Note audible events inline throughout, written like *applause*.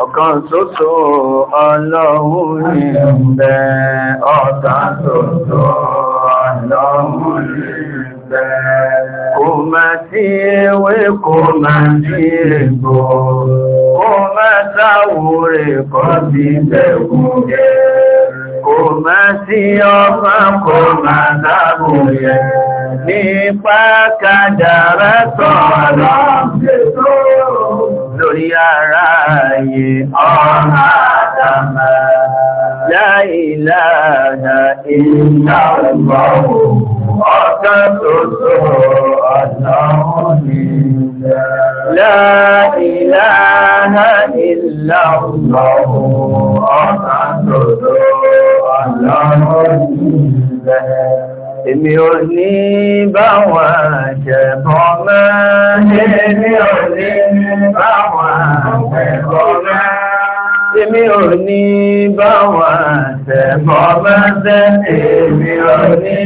Ọ̀kan ṣoṣo Ọlọ́run ní bẹ, ọ̀kan ṣoṣo Ọlọ́run ní Kò má sí ewé kò má sí egbò, kò má sáwúre kọ́ sí bẹ̀kún Kò má sí ọmọ kò má sáwúre nípa kádàrá tọ́rọ lórí ara ayé ọ̀nà àtàmà láìláàdà ìlà ọgbọ̀wò ọ̀kan tó tó ọ̀nà ìlà ọgbọ̀wò ọ̀kan tó tó ọ̀nà òníjà Èmi ò ní bá wọn jẹ̀bọ̀ máa Èmi ò ní bá wọn jẹ̀bọ̀ máa Èmi ò ní bá wọn jẹ̀bọ̀ máa jẹ́ Èmi ò ní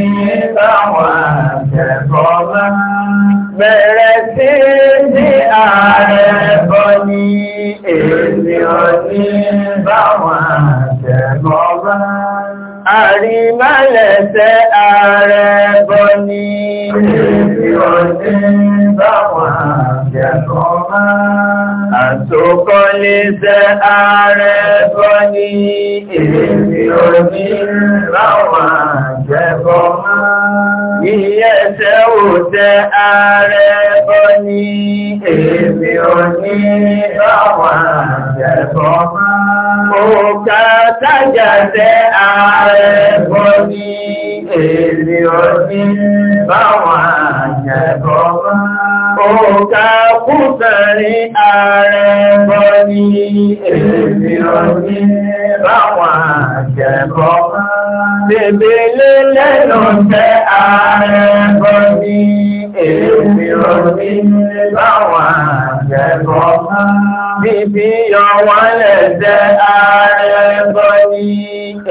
bá wọn jẹ̀bọ̀ máa Bẹ̀rẹ̀ sí ní ààrẹ bọ́ ní Èmi ò ní bá jẹ̀bọ̀ máa àrímálẹ̀ẹ́sẹ́ ààrẹ bọ́ ní ìrìnlẹ̀ ọdún báwọn àjẹ́kọ́ máa àtòkọ́ lẹ́sẹ́ ààrẹ bọ́ ní ìrìnlẹ̀ ọdún báwọn àjẹ́kọ́ máa Ìyẹ́sẹ́ òtẹ́ ààrẹ bọ́ ní èmi ò ní àwọn àjẹ́kọ́ máa. Òkà tájà tẹ́ ààrẹ ẹ̀kọ́ ní èlé ọdí báwọn àjẹ́bọ̀ Òkà kútàrí ààrẹ bọ́ ní èlé ọdí báwọn àjẹ́bọ̀ Bèbè lélẹ́nu jẹ́ ààrẹ èmìràn ní báwọn àjẹ́bọ́ bíbí ọwọ́ lẹ́sẹ̀ àrẹ́bọ́ ní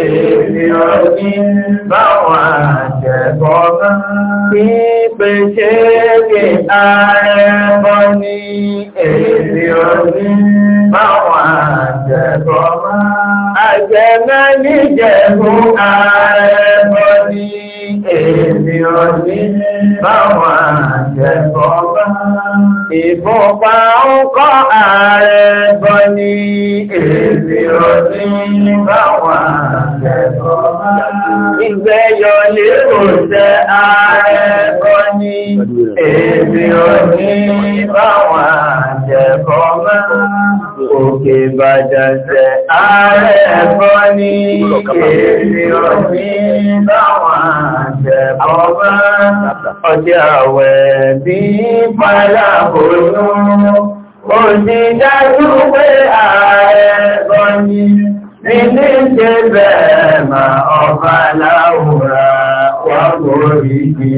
èmìràn ní báwọn àjẹ́bọ́ bí pèsè kí àrẹ́bọ́ ní èmìràn ní báwọn àjẹ́bọ́ àjẹ́bọ́ ní jẹ̀bú àrẹ́bọ́ ní èmi ọdí báwọn àjẹ́kọ̀ọ́ bá. Ìfúnpá ń kọ́ ààrẹ bọ́ ní èmi ọdí báwọn àjẹ́kọ̀ọ́ bá. Ìgbẹ́yọ̀ lè kò tẹ ààrẹ bọ́ ní èmi ọdí báwọn àjẹ́kọ̀ọ́ bá. Òkè Ìbàdàn ààrẹ bọ́ ní èmi ọdí báwọn àjẹ́kọ̀ọ́ ọjà àwẹ̀ bí padà òun ó ti dájú pé ààrẹ gọ́ni nílé ṣe bẹ̀rẹ̀ mà ọba láwùrà wà lórí kí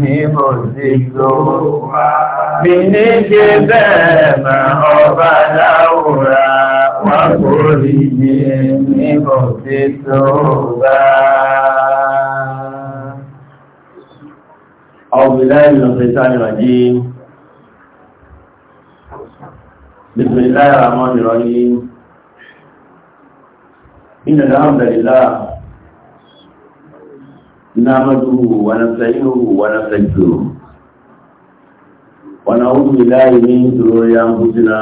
ní mo sì lò wá. Nílé ṣe bẹ̀rẹ̀ mà ọba láwùrà wà lórí kí ní mo sì lò wá. بالله من الشيطان الرجيم بسم الله الرحمن الرحيم إن الحمد لله نعمده ونستعينه ونستغفره ونعوذ بالله من شرور أنفسنا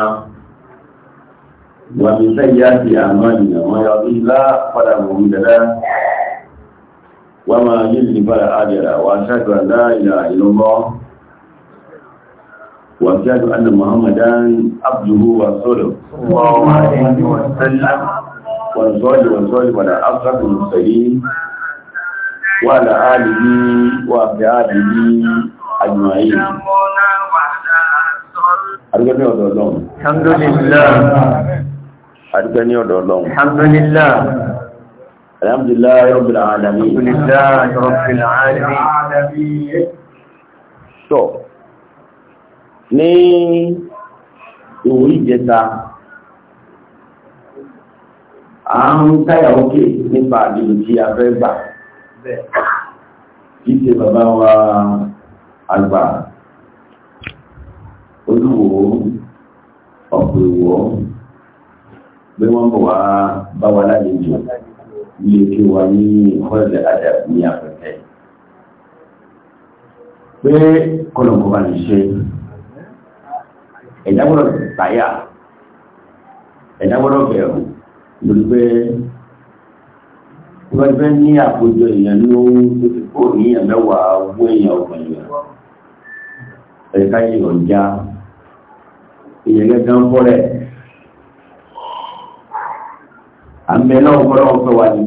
ومن سيئات أعمالنا من يهده الله فلا مضل له وما يلي فلا أجر وأشهد أن لا إله إلا الله وأشهد أن محمدا عبده ورسوله اللهم صل وسلم ونصلي ونصلي على أشرف المرسلين وعلى آله وأصحابه أجمعين Adúgbẹ́ ní ọ̀dọ̀ Ọlọ́run. Alhamdulillah. Adúgbẹ́ ní ọ̀dọ̀ Ọlọ́run. Alhamdulillah. الحمد لله رب العالمين الحمد لله رب العالمين tó ní ìwòrí ìjẹta à ń káyà òkè nípa àdìlù tí a fẹ́ gbà kí ṣe bàbá wa àgbà olúwo ọ̀pọ̀ ìwọ̀ bí wọ́n bọ̀ wá bá wa lálejò ilé tí wà ní ìkọ́lẹ̀ adab ní afẹ́fẹ́ pé kọlọ̀kọ̀ bá lè ṣe ẹ̀dá gbọ́dọ̀ tàyà ẹ̀dá gbọ́dọ̀ bẹ̀rù lórí pé wọ́n fẹ́ ní àkójọ èèyàn ló tó ti kó ní ẹ̀mẹ́wàá owó èèyàn ọ̀gbọ̀n èèyàn ẹ̀ka èèyàn já èèyàn gẹ́gẹ́ ń àmì náà gbọ́dọ̀ wọ́n fẹ́ wá ní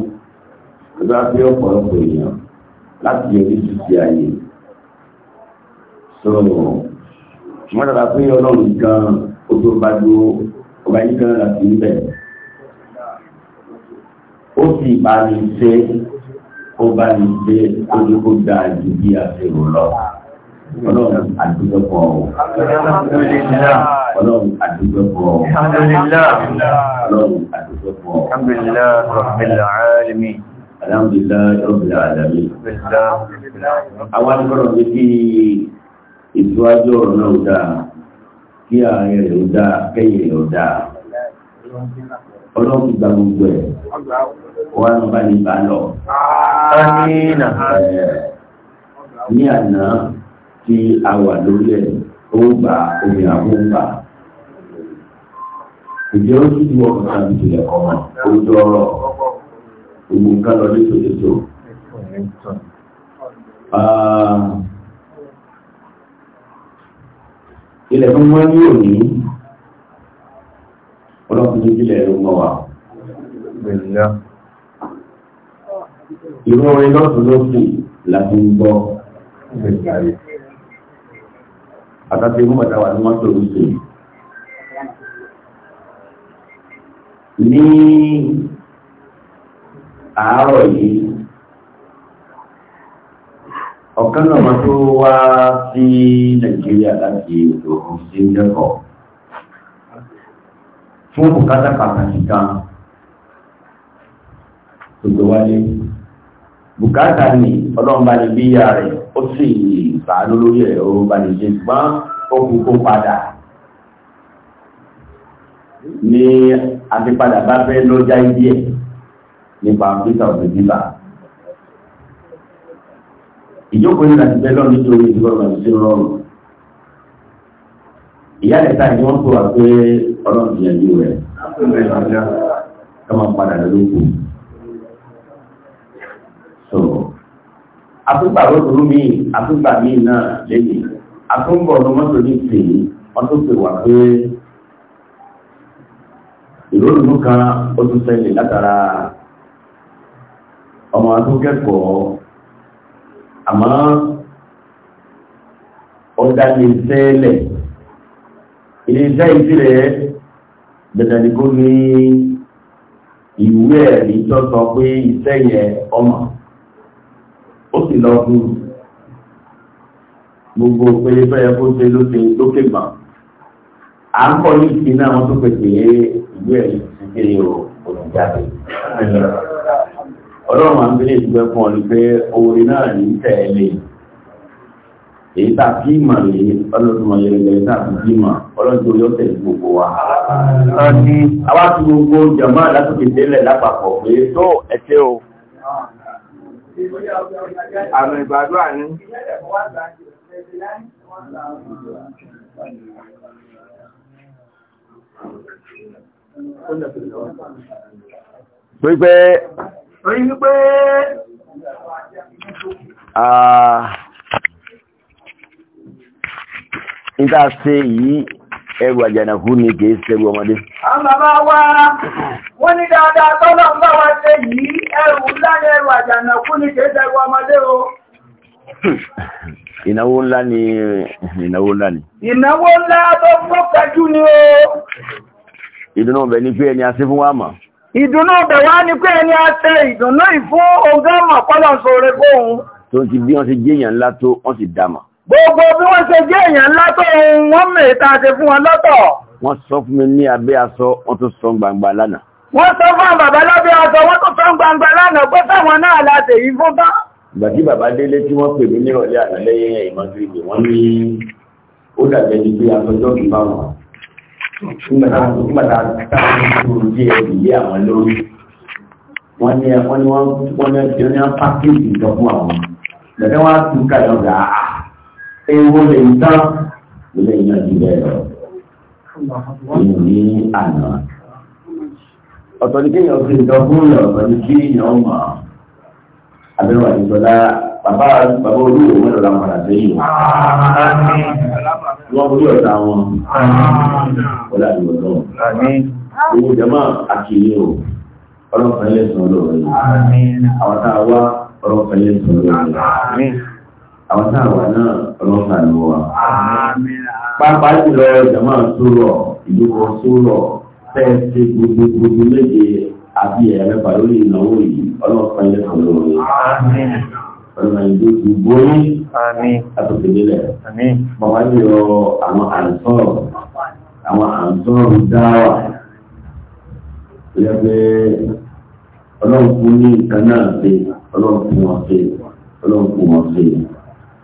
ọjọ́ àti ọ̀pọ̀lọpọ̀ èèyàn láti yọ ní títí ayé so wọ́n dàgbà pé ọlọ́run gan ojú ọba ju ọba yìí gan láti níbẹ̀ ó sì bá mi ṣe ó bá mi ṣe ó ní kó dáa ju bí a ṣe rò lọ ọlọ́run àdúgbò pọ̀ ọ́. ọlọ́run àdúgbò pọ̀ ọ́. ọlọ́run àdúgbò pọ̀ ọ́. rabbil alamin. alhamdulillah rabbil alamin. àwọn akọ̀rọ̀ mi kí ìtúwájú ọ̀rọ̀ náà ó dáa kí ààrẹ rẹ̀ ó dáa kẹ́yìn rẹ̀ ó dáa. ọlọ́run ti gba gbogbo ẹ̀ wọ́n á bá ní bá lọ. ní àná tí a wà lórí ẹ̀ ó gbà omi àbúgbà. Ìjẹ́ ó sì ti wọ́n kan àbí ìjìnlẹ̀ ọmọ ó dọ́rọ̀ gbogbo nǹkan lọ létòlétò. Ilẹ̀ fún wọn ní òní, ọlọ́pùn ní ìjìnlẹ̀ ló mọ́ wa. Ìrọ̀ orin lọ́sùn ló sì láti ń gbọ́ àtàtì irú bàtà wà ní wọ́n tó rúṣe ní àárọ̀ yìí ọ̀kan náà máa tó wá sí nàìjíríà láti òkú sí lẹ́kọ̀ọ́ fún bùkátà pàtàkì kan tó gbé bùkátà ni ọlọ́run bá ní bíyà rẹ̀ ó sì yìí ṣàánú lórí ẹ̀ ó bá lè ṣe ṣùgbọ́n ó kú kó padà ní àfipadà bá fẹ́ lọ́jà ibi ẹ̀ nípa peter ọ̀gbìn bíbá ìjókòó nígbà tí bẹ́ẹ̀ lọ́nà nítorí ìgbọ́nà sí rọrùn ìyá ẹ̀ta ni wọ́n pè wá pé ọlọ́run ìyẹn yóò rẹ̀ kọ́mọ padà lọ́lọ́kùn. àtúgbà lóṣòro míì àtúgbà míì náà lẹ́yìn àtúngbà ọdún mọ́tò ní pè é wọ́n tó pè wá pé ìrònú kan ó tún ṣẹlẹ̀ látara ọmọ tó kẹ́kọ̀ọ́ àmọ́ ọ̀dà ní sẹ́lẹ̀ ilé-iṣẹ́ ìsirẹ̀ gbẹ̀dẹ̀dẹ̀kọ́ ní ìwé ẹ̀rí tó sọ pé iṣẹ́ yẹn ọmọ sì lọ fún gbogbo pélé tó yẹ kó ṣe lóṣè lókè gbà à ń kọ́ ní ìsìn náà wọ́n tó pèsè yé ìlú ẹ̀ kékeré o olùjáde ọlọ́run àti ilé ìgbẹ́ fún ọ ní pé orin náà ní tẹ̀lé èyí tá kí mà lè ọlọ́dún ayẹyẹ tá kí mà ọlọ́dún yóò tẹ̀lé gbogbo wa. àwa ti gbogbo jàmáà látòkè délẹ̀ lápapọ̀ pé tó ẹ̀tẹ́ o àmì ìgbàdúrà ní wípé wípé ìdá ṣe yìí ẹrù àjànàkú ni kìí ṣẹrù ọmọdé. àmàbá wa wọ́n ní dáadáa tọ́lọ̀ ń bá wa ṣe yìí ẹrù ńlá ní ẹrù àjànàkú ni kìí ṣẹrù ọmọdé o. *laughs* ìnáwó ńlá ni ìnáwó ńlá ni. ìnáwó ńlá tó tó kẹjú ni o. ìdùnnú ọbẹ̀ ni pé ẹni a ṣe fún wa mọ̀. ìdùnnú ọbẹ̀ wa ni pé ẹni a ṣe ìdùnnú ìfún ogán mọ̀ kọ́lọ̀ sóore fóun. tó ti bí wọ́n ti jẹ́yàn ńlá tó wọ́n sì dá mọ̀ gbogbo bí wọ́n ṣe jẹ́ èèyàn látọ̀ ohun wọ́n mẹ́ta ṣe fún wọn lọ́tọ̀ wọ́n sọ fún mi ní abẹ́ aṣọ wọ́n tún sọ gbangba lánàá wọ́n sọ fún bàbá lábẹ́ aṣọ wọ́n tún sọ gbangba lánàá pé táwọn náà láti èyí fún bá ìgbà tí bàbá délé tí wọ́n pè mí nírọ̀lẹ́ àná lẹ́yìn ìmọ̀jú ìgbè wọ́n ní ó dàbẹ̀ ní pé aṣọjọ́ kì bá wọn nígbà táwọn tó ń jẹ́ ìlé àwọn lórí wọ́n ní wọ́n ní wọ́n ní wọ́n pàkéjì ìjọ fún àwọn ìgbà tí wọ́n á tún kàlọ́ gàá ewu lè tán ilé iná ti bẹ̀rẹ̀ ìlú ní àná. ọ̀tọ̀ ní kéèyàn fi ìtọ́ fún ìlú ọ̀tọ̀ ní kí èèyàn mọ̀ abẹ́rẹ́ wà nígbọ́lá bàbá bàbá olúwo mẹ́rin ọ̀la padà sẹ́yìn wọ́n rí ọ̀tá wọn ọ̀la ìwọ̀tọ̀ owó jẹ́mọ́ àkìlẹ̀ o ọlọ́pàá ilé sọ̀rọ̀ lọ́wọ́ yìí àwọn tá ọlọ́pàá ilé sọ̀rọ̀ lọ́wọ́ yìí àwọn táàwà náà ọlọ́pàá ló wà. pápá jùlọ jama sórọ̀ ìdúkọ sórọ̀ fẹ́ẹ́ ṣe gbogbogbò méje àbí ẹ̀rẹ́fà lórí ìnáwó yìí ọlọ́pàá ilé kan lóore. ọlọ́pàá yìí ló ti bóyí àtòkèlélẹ̀. bàbá jùlọ àwọn àǹsọ̀rọ̀ àwọn àǹsọ̀rọ̀ dáwà lẹ́gbẹ́ ọlọ́pàá ní ìtàn náà ṣe ọlọ́pàá ṣe ọlọ́pàá ṣe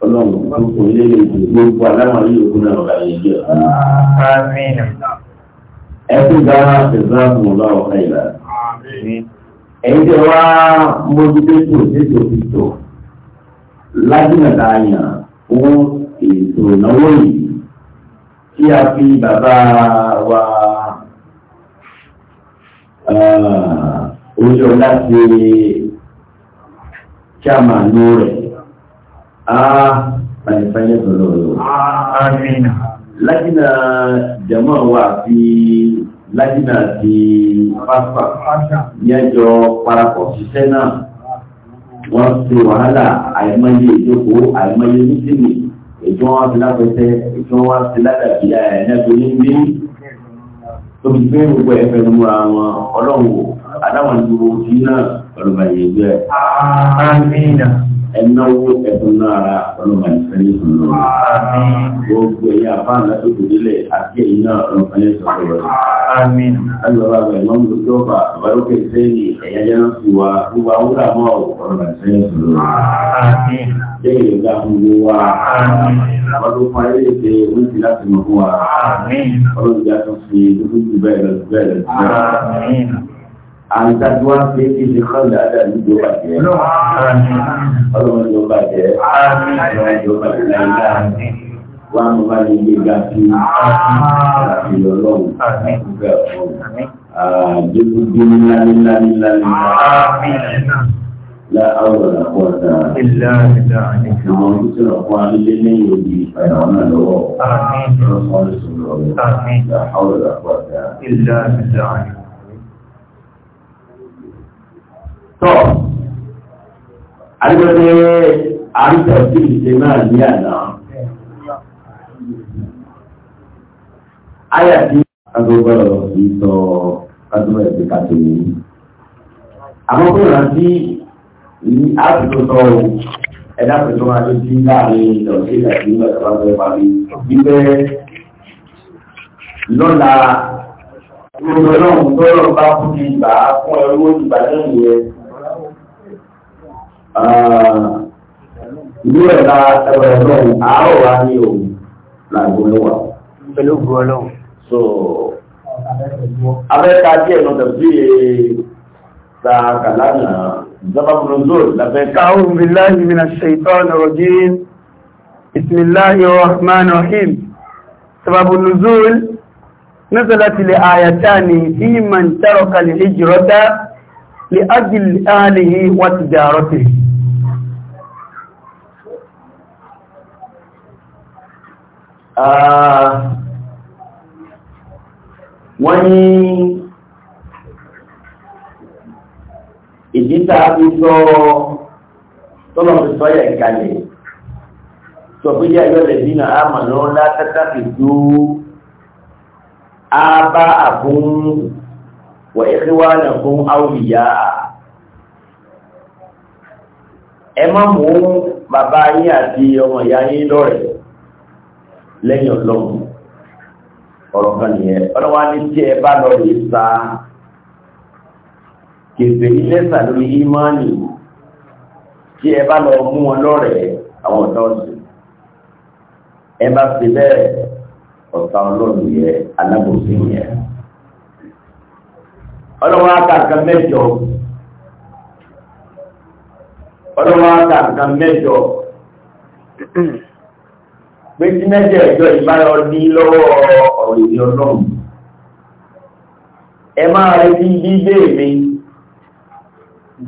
ọlọ́run tó kò ilé lè dùn gbogbo aláwọ̀ yìí òkú náà ọ̀gá yìí jẹ́ ọ̀gá. ẹkú gba ìzáàmù lọ́wọ́ káyìlá. ẹ̀yin tẹ wá mójútó tó tètè òfìtò lájúmọ̀tà àyàn fún ètò ìnáwó yìí tí a fi bàbá wa eh, oṣù ọ̀la ṣe chairman ló rẹ̀ a fanifanye tololo lajina jama wa fi lajina ti papa yẹjọ parapọ̀ ṣiṣẹ́ náà wọ́n ti wàhálà àìmọye ìjókòó àìmọye mísìlì ètò wọn ti lápẹtẹ ètò wọn ti ládàbí ẹ̀ẹ́dẹ́gbẹ̀ẹ́ ní bí tóbi pé gbogbo ẹ̀fẹ́ nu àwọn ọlọ́wọ́ adáwọn ìdúró sí náà ọlọ́mọ ìyẹn jẹ́. Ah, ẹnáwó ẹ̀fún náà ọlọ́mọ ìfẹ́lẹ́ ìfúnnú gbogbo ẹ̀yà fáànà tó kù nílẹ̀ àti ẹ̀yìn náà ọlọ́mọ ìfẹ́lẹ́ sọ̀rọ̀ àmín alọ́wọ́ àgbà ìmọ̀ ní dọ́fà àbárókè sẹ́yìn ẹ̀yà jẹ́nà sí wa gbogbo àwúrà mọ́ ọlọ́mọ ìfẹ́lẹ́ sọ̀rọ̀ àmín lẹ́yìn ìgbà gbogbo wa ọdún fún ayé ètè oríṣi láti mọ̀ fún wa ọlọ́run ìjà tó fi dúdú jù bẹ́ẹ̀ lọ jù bẹ́ẹ̀ lọ jù bẹ́ẹ̀ àǹtàdúrà pé kí ṣe kọ́ ìdájà nígbò bàjẹ́ jẹ́ ìjọba ìlànà wọn mú bá ní ilé ga sí àti ọlọ́run ìgbà ọ̀hún. Àjẹ́kú dé ńlá ńlá ńlá ńlá. La awọ la kọ ta. Àwọn olùsọ̀rọ̀ ọ̀rọ̀ fún alílé lẹ́yìn òbí ìpàdà ọ̀nà lọ́wọ́. Lọ sọ ọ́n sọ̀rọ̀ ọ̀rọ̀. La awọ la kọ ta. Tọ́. àdébọ̀dé àríkà sí ìṣe náà ní àná. Ayà tí agbègbèrè ọ̀sì sọ kádùn ẹ̀sìn kàtó yìí. Àmọ́ kó rántí ní àtúntò sọ ẹ̀dá pẹ̀lú máa tó ti láàrin ìdọ̀tí àti ìgbàgbọ́ àgbẹ̀ parí. Wípé lọ́la gbogbo náà ń tọ́lọ̀ bá fún ìgbà fún ẹrú ìgbà lẹ́yìn yẹn ìlú ẹ̀ka ẹ̀rọ ọlọ́run àárọ̀ wa ní òun làgbo mẹ́wàá. pẹ̀lú ògùn ọlọ́run. so abẹ́ka díẹ̀ náà tẹ̀sí ta kàlánà ìjọba bronzol lábẹ́ ká. a'udhu billahi minash shaitanir rajim bismillahir rahmanir rahim sababu nuzul نزلت لآيتان في من ترك الهجرة لأجل آله وتجارته Ah, wọ́n ní ìdíta fi sọ tọ́lọ̀ fi sọ yẹ̀ kalẹ̀ sọ pé yẹ́ ẹ̀yọ́ lè dínà àmà lọ́wọ́ látàtà fi tó ábá àkún wà ẹ̀kíwá nà fún áwùyá ẹ má mú bàbá yín àti ọmọ ìyá yín lọ́rẹ̀ẹ́ lẹ́yìn ọlọ́run ọ̀rọ̀ kan nìyẹn ọlọ́wà ní tí ẹ bá lọ rè sa kèfè ní lẹ́sà lórí ìmánì tí ẹ bá lọ mú wọn lọ́rẹ̀ẹ́ àwọn ọ̀dọ́ sí ẹ bá fi bẹ́ẹ̀ ọ̀tá ọlọ́run alábòsí ọlọ́wà mẹ́jọ ọlọ́wà pé tí mẹ́jẹ̀ ẹjọ́ ìbára ní lọ́wọ́ ọ̀rọ̀ ìwé ọlọ́run ẹ máa retí gbígbé mi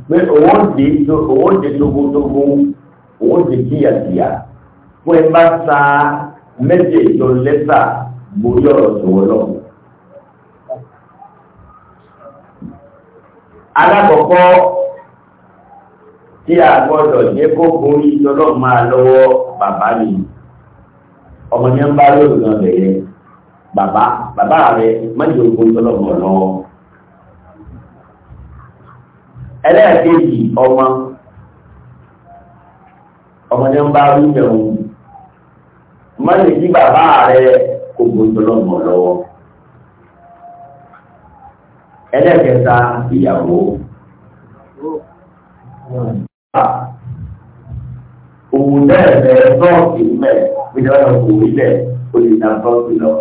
pé owó dé owó dé tógótógó owó dé kíyàkíyà fún ẹ bá sa mẹ́jẹ̀ ẹjọ́ lẹ́tà borí ọ̀rọ̀ ìwé ọlọ́run. alákọ̀ọ́kọ́ tí a gbọ́dọ̀ jẹ́ kó borí ọlọ́run máa lọ́wọ́ bàbá mi ọmọ ní ń bá lóòrùn náà bẹ̀rẹ̀ bàbá bàbá rẹ̀ mọ́jọ ogun tọ́lọ̀mọ̀ lọ́wọ́ ẹlẹ́ẹ̀kejì ọmọ ọmọ ní ń bá lóòrùn ẹ̀hún mọ́jọ kí bàbá rẹ̀ kò gun tọ́lọ̀mọ̀ ẹlẹ́ẹ̀kẹta ìyàwó òwò náà lẹ bọ́ọ̀kì mẹ́ gbẹdẹ́ wọn kò rí bẹ́ẹ̀ o lè nà bọ́ọ̀kì lọ.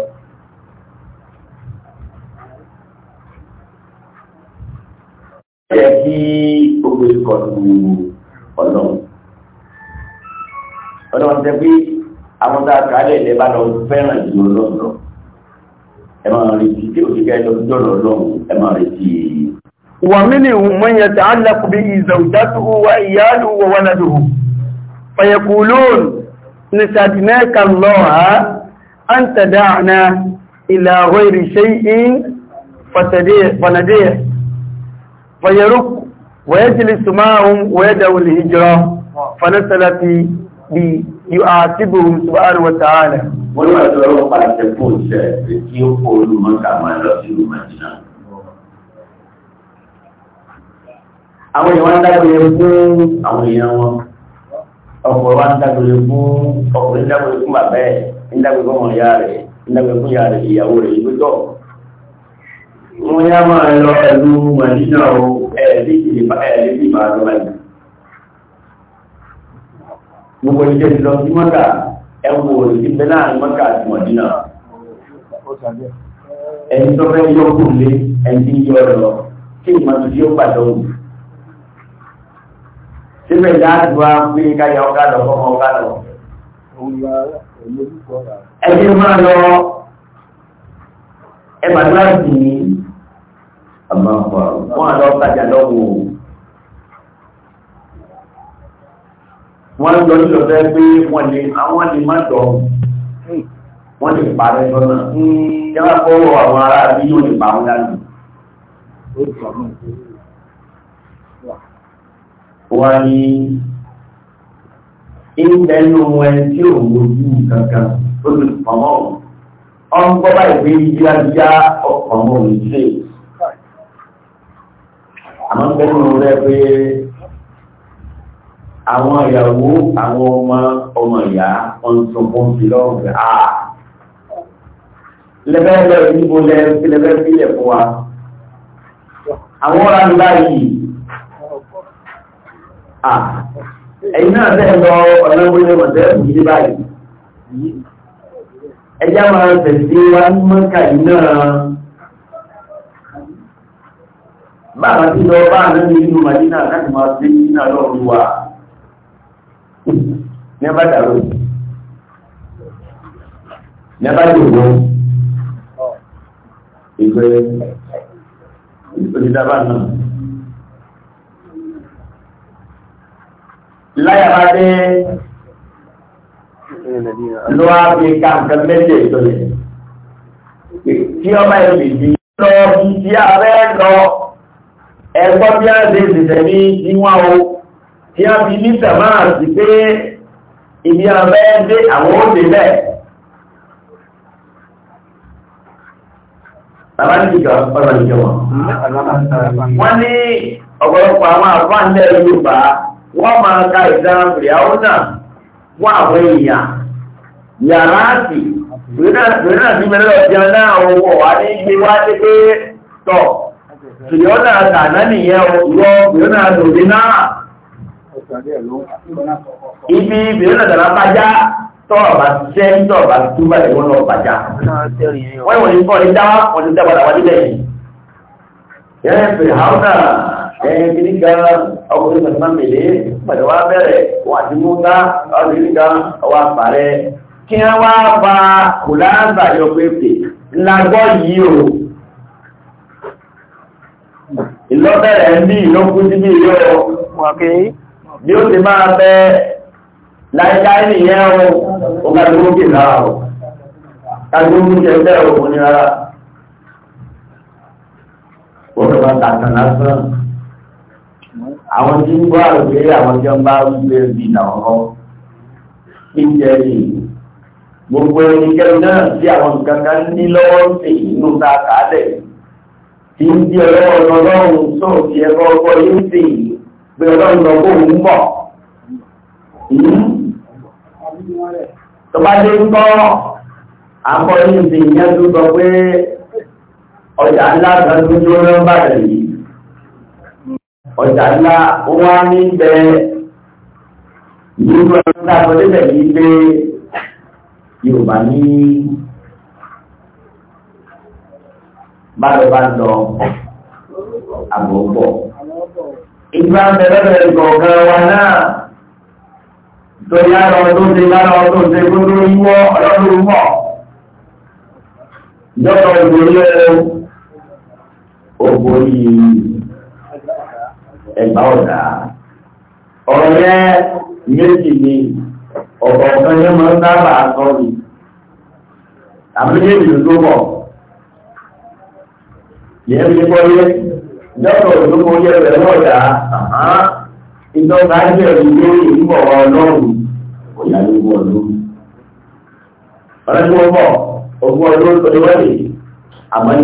ó yẹ kí ogun ikọ̀ lu ọlọ́run ọlọ́run tẹ pé àwọn tá a kà á lẹ̀ lẹ́ bá lọ fẹ́ràn ju ọlọ́run ẹ máa retí tí òṣìkà lọ sí ọ̀rọ̀ ọlọ́run ẹ máa retí ومنهم من يتعلق به زوجته وعياله وولده فيقولون نسألناك الله أن تدعنا إلى غير شيء فنديه فيرك ويجلس معهم ويدعو الهجرة فنسأل في يعاتبهم سبحانه وتعالى wọ́n wá tó lọ́wọ́ pàṣẹ fún ìṣẹ́ tí ó kó olùmọ́ta máa lọ sí ìlúmọ̀jìnà. àwọn èèyàn wá dágbére fún àwọn èèyàn wọn ọkùnrin wa ń dágbére fún ọkùnrin dágbére fún bàbá ẹ̀ ń dágbére fún ọmọ ìyá rẹ̀ ń dágbére fún ìyá rẹ̀ ìyàwó rẹ̀ ìlú tọ̀. mo yá máa lọ ẹ̀lú màdínà o ẹ̀ẹ́dì ìdí máa lọ ẹ̀lú. gbogbo ìjẹ́ ti lọ sí mọ́tà ẹ̀ wò ó ti bẹ́ láàrin mọ́tà àti màdínà. ẹni tó fẹ́ yọ kùn lé ẹni tí ń yọ ọ síbẹ̀ láti wá pé káyà ọ̀gá lọ fọ́mọ ọ̀gá lọ. ẹni máa lọ ẹgbà láti ní wọ́n lọ tajà lọ́wọ́ wọ́n lọ nílò fẹ́ pé wọ́n lè àwọn lè má dọ̀ wọ́n lè parẹ́ lọ́nà yẹ́wà fọ́wọ́ àwọn ará bí yóò lè pa wọn wá ní ìbẹ̀lú ẹni tí ò wojú kankan ó ti pọ̀mọ́ ọ̀n gbọ́ báyìí pé yíyá yíyá ọ̀pọ̀mọ́ òun ṣe àmọ́ bẹ́ẹ̀ ló rẹ pé àwọn ìyàwó àwọn ọmọ ọmọ ìyá wọn tó fún sí lọ́wọ́ à lẹ́bẹ̀ẹ́lẹ́ ìdíbò lẹ́ẹ̀fílẹ̀ fún wa àwọn ọ̀rá ńlá yìí ẹ̀yìn náà bẹ́ẹ̀ lọ ọ̀nà gbogbo mọ̀tẹ́rù yìí báyìí ẹjá máa tẹ̀sí wá mọ́kà yìí náà bára tí lọ bá àná ní inú màdínà láti máa gbé nínú àlọ́run wa ní ẹbá dàrú ní ẹbá dòwó ìgbẹ́ láyà bá dé ló wá fi ka nǹkan méjì ètò yẹn tí ọba ìbí di lọ bí tí abẹ́ lọ ẹgbọ́n bí a ṣe ṣiṣẹ́ ní tiwọn o tí a fi ní sàmà sí pé ibi abẹ́ dé àwọn òde bẹ́ẹ̀. Bàbá ní ìjọ ọ̀rọ̀ ìjọ wọn. Wọ́n ní ọ̀pọ̀lọpọ̀ wọ́n máa ka ìdára fìyàwónà wọ́n àwọn èèyàn yàrá àti fìyàwónà sí mẹ́rin ọ̀dí ọ̀nà owó wà ní gbé wá dé pé tọ̀ fìyàwónà tàná nìyẹn lọ fìyàwónà lòdì náà ibi fìyàwónà tàná bájá tọ́rọ̀ bá jẹ́ tọ́rọ̀ bá túbà ìwọ́n lọ bàjá wọ́n ìwọ̀n ìfọ́ ìdá wọn ti dá padà wájú lẹ́yìn ẹ̀yìn kìíní kan ọkùnrin mẹ́ta mẹ́lé pẹ̀lú wá bẹ̀rẹ̀ wọ́n àti múta ọdún kìíní kan ọwọ́ àpàrẹ kí wọ́n wá fa kùláàbà yọ pépè lágbọ́ yìí o ìlọ́bẹ̀rẹ̀ ń bí ìlọ́kú sí bí ìlọ́ bí ó ti máa bẹ láìláì nìyẹn o ó bá dúró àwọn tí ń gbọ́ àròpé àwọn tí wọ́n bá ń gbé bí làwọn kọ́ níjẹ́ ni gbogbo ẹnikẹ́ni náà tí àwọn nǹkan kan ní lọ́wọ́ sí inú ta kàálẹ̀ tí ń di ọlọ́wọ́ ọlọ́run tó ti ẹ̀kọ́ ọkọ yóò sì gbé ọlọ́run lọ kó òun bọ̀ hmm? tó bá dé ń kọ́ akọ́yìn sì yẹn tó sọ pé ọjà ńlá kan tó dúró lọ́nbàdàn yìí ọjà ńlá wá ní bẹ nínú ọjà ọdẹ́bẹ̀ yìí pé Yorùbá ní bàbá bá ń lọ àbò bọ̀. Ìgbà bẹ̀rẹ̀ gọ̀ọ̀gàn wa náà tó yára ọdún ṣe lára ọdún ṣe gbogbo ìwọ ọlọ́dún mọ̀. Ìjọba ìgbòrí ẹ̀rọ ògbòrí yìí. ẹ̀gbá ọ̀dà. ọ̀rẹ́ méjì ni ọ̀pọ̀ yẹn máa ń sábà sọ ni àbí méjì ló tó bọ̀. yẹ́n mi gbọ́ yẹ́ lọ́sọ̀ tó kọ́ yẹ́ rẹ̀ lọ́dà jẹ́ ọlọ́run ló ọ̀rẹ́ tó bọ̀ ọdún tó àmọ́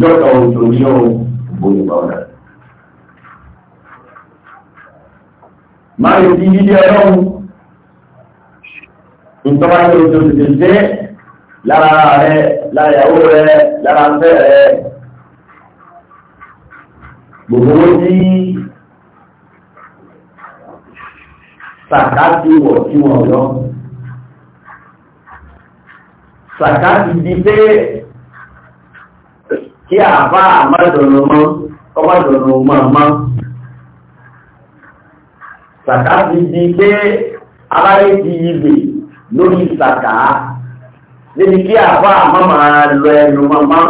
ìjọba òjò ní máa yóò fi dídí ọlọ́run ìtọ́wá ní oṣù tètè jẹ́ lára rẹ lára ìyàwó rẹ lára fẹ́ rẹ gbogbo tí sàkáàtì wọ̀ tí wọ́n lọ sàkáàtì di pé kí àbá àmàdọ̀nà mọ́ ọmọdọ̀nà mọ́ mọ́ sàkà ti di pé aláyé ti ibè lórí sàkà níbi kí àbá àmàmà lọ ẹnu màmá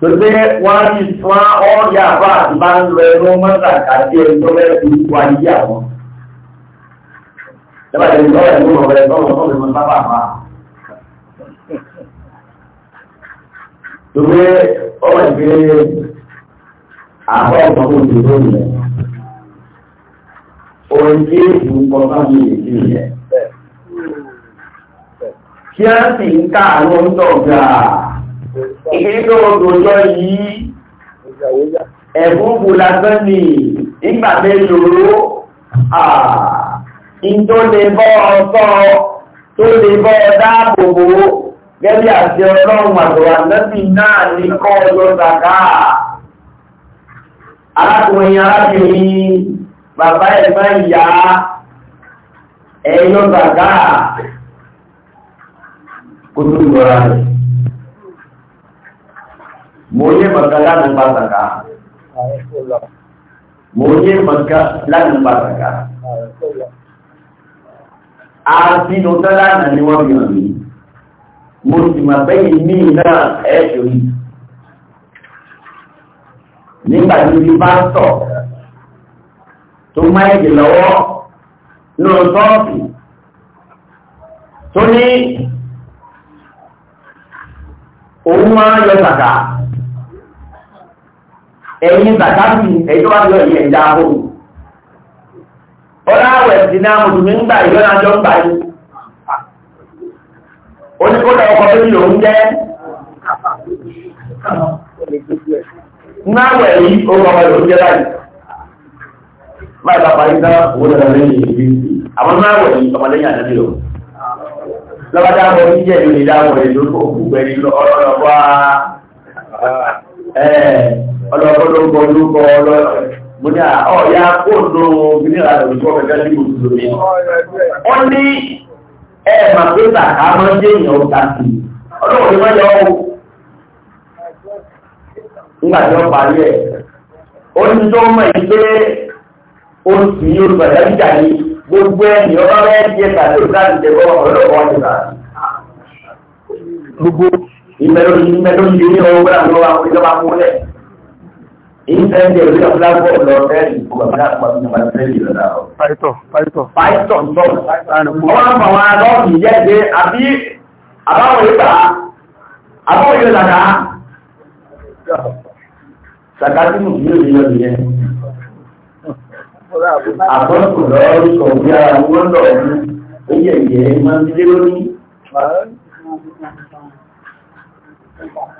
tó pé wọ́n rí fún ọ́yà àbá àti bá ń lọ ẹnu mọ́ sàkà tí ẹni tó bẹ́ẹ̀ fi wá yí àwọn. Ìjọba ìjọba ìjọba ìjọba ìjọba ìjọba ìjọba ìjọba ìjọba Tòwé ọwọ́ ìgbé àwọn ọmọ òṣèlú rẹ̀ òun tí ń kọ fáwọn èsì rẹ̀. Kí á sì ń káàánú ń dọ̀gà. Ìgbésò òjòjọ́ yìí, ẹ̀bùn bù lásán nígbà mélòó, tó lè bọ́ ọ̀sọ́, tó lè bọ́ dáàbòbò, gẹ́bí àti ọlọ́run àtọ̀wà lẹ́bí náà ní kọ́ ọjọ́ sàkáà. Arákùnrin arábìnrin bàbá ẹ̀ máa ń yá ẹ̀yọ́ gàgá kó tó lọ́ra rẹ̀. Mo yé màkà láti pa sàkà. Mo yé màkà láti pa sàkà. Àbínú tọ́lánà ni wọ́n fi mí. Mo sì mà bẹ́yìn ní náà ẹ̀ṣọ́ yìí. Nígbà tí mo bá sọ̀rọ̀ tó máyèjì lọ́wọ́ nínú tọ́ọ̀kì tó ní òun máa yọ sàkà ẹ̀yìn sàkà sí ẹjọ́ bá yọ ìyẹn já ó ọláwẹ̀ sí náà mùsùlùmí ń gbà ìjọ́ náà jọ ń gbà yìí ó ní kó lọ ọkọ̀ tó nílò jẹ́ náà wẹ̀ yìí ó kọ̀ ọ̀rọ̀ ń jẹ́ báyìí báyìí bá owó dandan lẹ́yìn ìlú àwọn náà wọ̀ ní ọmọlẹ́yìn àdáni lọ́wọ́dá wọ ní jẹ́ ìlú ìdá wọ̀ èdè ó kú gbẹ̀rì ọlọ́wọ́ ọlọ́wọ́ oṣù yóò gbàdá níjà ní gbogbo ẹni ọba bẹ́ẹ̀ jẹ tàbí láti jẹ bọ́ ọlọ́wọ́ ti rà. gbogbo ìmẹ̀lódì ní ọwọ́ gbọ́dọ̀ àwọn ọmọ akọ́ni lọ́ba kú lẹ̀. ìfẹ́ǹdẹ̀ orí ọ̀fúnlá bọ̀ lọ bẹ́ẹ̀ni ìgbàgbọ́dá àpapọ̀ ìjọba tẹ́lẹ̀ lọ́dà. pàìtọ̀ pàìtọ̀ pàìtọ̀ ń bọ̀. ọwọ́ àwọn alọ́ọ̀kì jẹ́ pé àbí àbáwọ̀ ìgbà àbáwọ̀ ìgbà àkọ́kù lọ́ọ́rù sọ bí ara wọn lọ oyè ìyẹ́ máa ń dé lórí.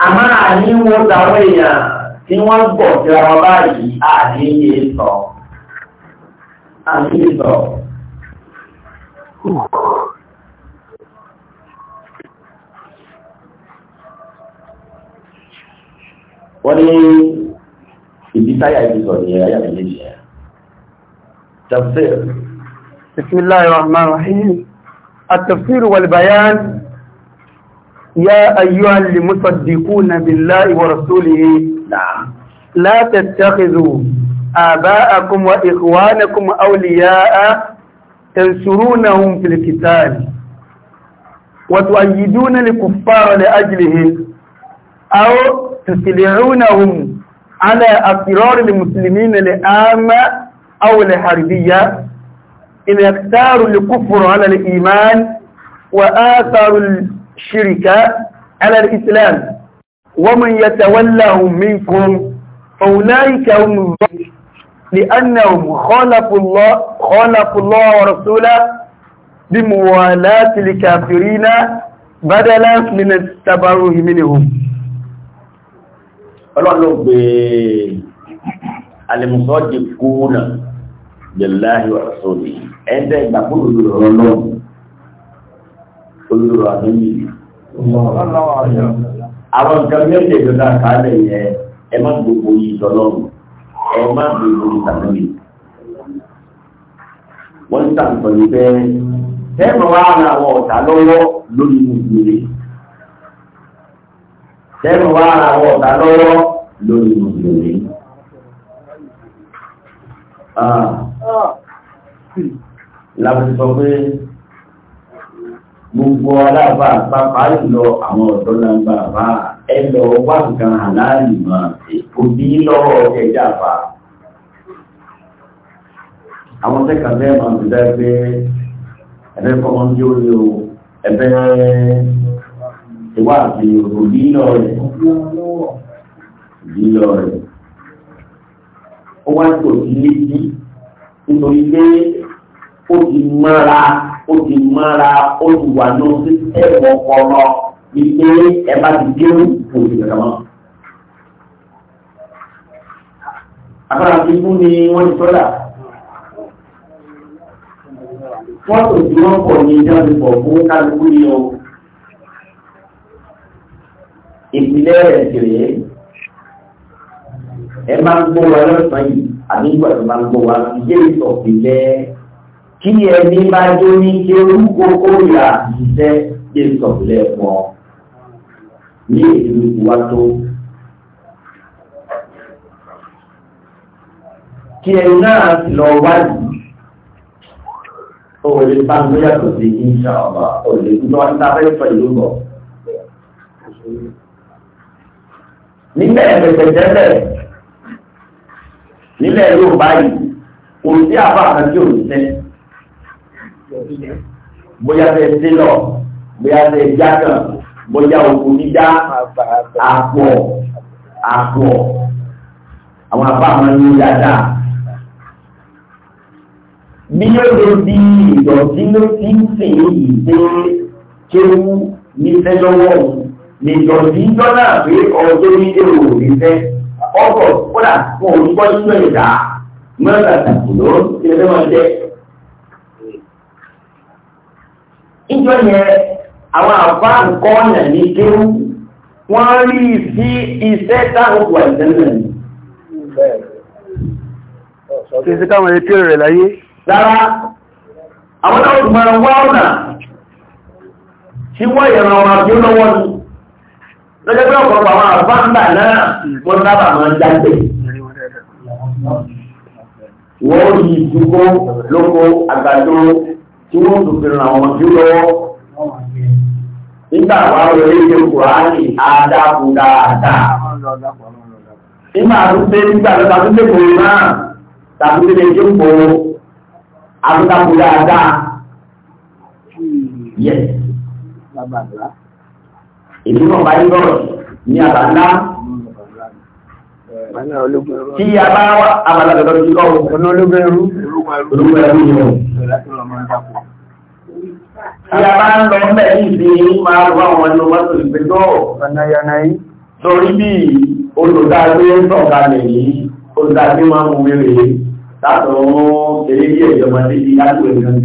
àmọ́ àní wo táwọn èèyàn tí wọ́n gbọ̀ sí ọmọ báyìí àní yé sọ. àní sọ. wọ́n ní ìdí táyà ìdí sọ̀rọ̀ ní تفسير بسم الله الرحمن الرحيم التفسير والبيان يا أيها المصدقون بالله ورسوله نعم. لا تتخذوا آباءكم وإخوانكم أولياء تنصرونهم في القتال وتؤيدون الكفار لأجلهم أو تسلعونهم على أسرار المسلمين لآمة أو الحربية إن يختار الكفر على الإيمان وآثار الشركة على الإسلام ومن يتولهم منكم فأولئك هم لأنهم خالفوا الله, خالفوا الله ورسوله بموالاة الكافرين بدلا من التبره منهم. الله alimusọdi kuna bilahi wa rasuli ẹdẹ gbàgbó olùrọ̀ lọ olùrọ̀ àdóyè àwọn nǹkan méje tó dáa kálẹ̀ yẹ ẹ má gbogbo yìí tọ́lọ́run ẹ má gbogbo yìí tàbí wọ́n ń tàǹtọ̀ ní pé tẹ́ẹ̀mọ̀ wá ara àwọn ọ̀tá lọ́wọ́ lórí mùsùlùmí tẹ́ẹ̀mọ̀ wá ara àwọn ọ̀tá lọ́wọ́ lórí mùsùlùmí Ah. láti sọ pé gbogbo aláàbà pápá ìlọ àwọn ọ̀dọ́ lágbà bá ẹlọ wà nǹkan aláàrì mọ̀ èkó bí lọ́wọ́ ẹjá bá àwọn tẹ́kà bẹ́ẹ̀ máa ń fi dá pé ẹ̀fẹ́ fọmọ ń jó o ẹ̀fẹ́ ìwà àti òbí lọ ó wá tó di létí nítorí pé ó ti mọ́ra ó ti mọ́ra ó ti wà ní oṣù ẹ̀wọ̀n kọ̀ọ̀nà wípé ẹ bá ti dérú kò sí kankan mọ́. Àbára ti fún ni wọ́n ti sọ́dà. Wọ́n tó ju wọ́n pọ̀ ní ìjọba ìpọ̀ fún kálukú ni o. Ìpínlẹ̀ rẹ̀ kìrìyẹ́ ẹ máa ń gbọ́ wa lọ́sàn yìí àbí ìgbà tó máa ń gbọ́ wa ìjẹ́ ìsọ̀pìlẹ̀ kí ẹni bá jó ní kí orúkọ kórìíra ìṣiṣẹ́ ìjẹ́ ìsọ̀pìlẹ̀ pọ̀ ní ìlú wa tó. kí ẹni náà lọ wádìí òwò lè bá ń lóyà tó di ìṣà ọba òwò lè gbọ́ lábẹ́ ìfọ̀ ìlú bọ̀. nígbà ẹ̀rẹ̀tẹ̀tẹ̀lẹ̀ nílẹ̀ yóò báyìí kò sí àbá kan tí bóyá fẹ́ sílọ̀ bóyá fẹ́ jákàn bóyá òkú dídá àpọ̀ àpọ̀ àwọn àbá máa ní dáadáa bí yóò lè di ìdọ̀tí ló ti ń sè yìí pé kéwú ní sẹ́jọ́wọ́ ìdọ̀tí jọ́nà pé ọjọ́ nílé òòrùn fẹ́ ọ̀pọ̀ kódà fún olùkọ́ nínú ìdá mẹ́ta ló ti lè wọ́n jẹ́. Ìjọ yẹn àwọn àbá nǹkan ọ̀nà ní kéwú wọ́n rí sí iṣẹ́ táwọn kò àìsẹ́lẹ̀ ní. Kí sí káwọn ètò rẹ̀ láyé? Rárá, àwọn náà ti máa wá ọ̀nà tí wọ́n yẹ̀rọ ọmọ àbí ó ni lọ́jọ́ pé ọ̀pọ̀lọpọ̀ àwọn àfáàǹdà náà mo sábà máa ń jáde. wọ́n ó yí ìdúgbò lóko àgbàdo tí wọ́n tún fi ràn wọ́n jú lọ́wọ́. nígbà wà ó lè ṣe kùránì àdàkù dáadáa. nígbà tó dé nígbà tó tàbí lè kórè náà tàbí lè ṣe kó àdàkù dáadáa. Yes èmi náà bá yín lọ́rọ̀ ní àbá ńlá tí a bá wá abala lọ́dọ̀ tí lọ́wọ́ ọ̀nà ológun ẹrú ológun ẹrú yìí wọ̀. tí a bá ń lọ mẹ́ ìdí máa wá wọn lọ wá sórí pé tọ́ sórí bí olùdarí sọ̀kalẹ̀ yìí olùdarí máa mú mi rèé látọ̀ eré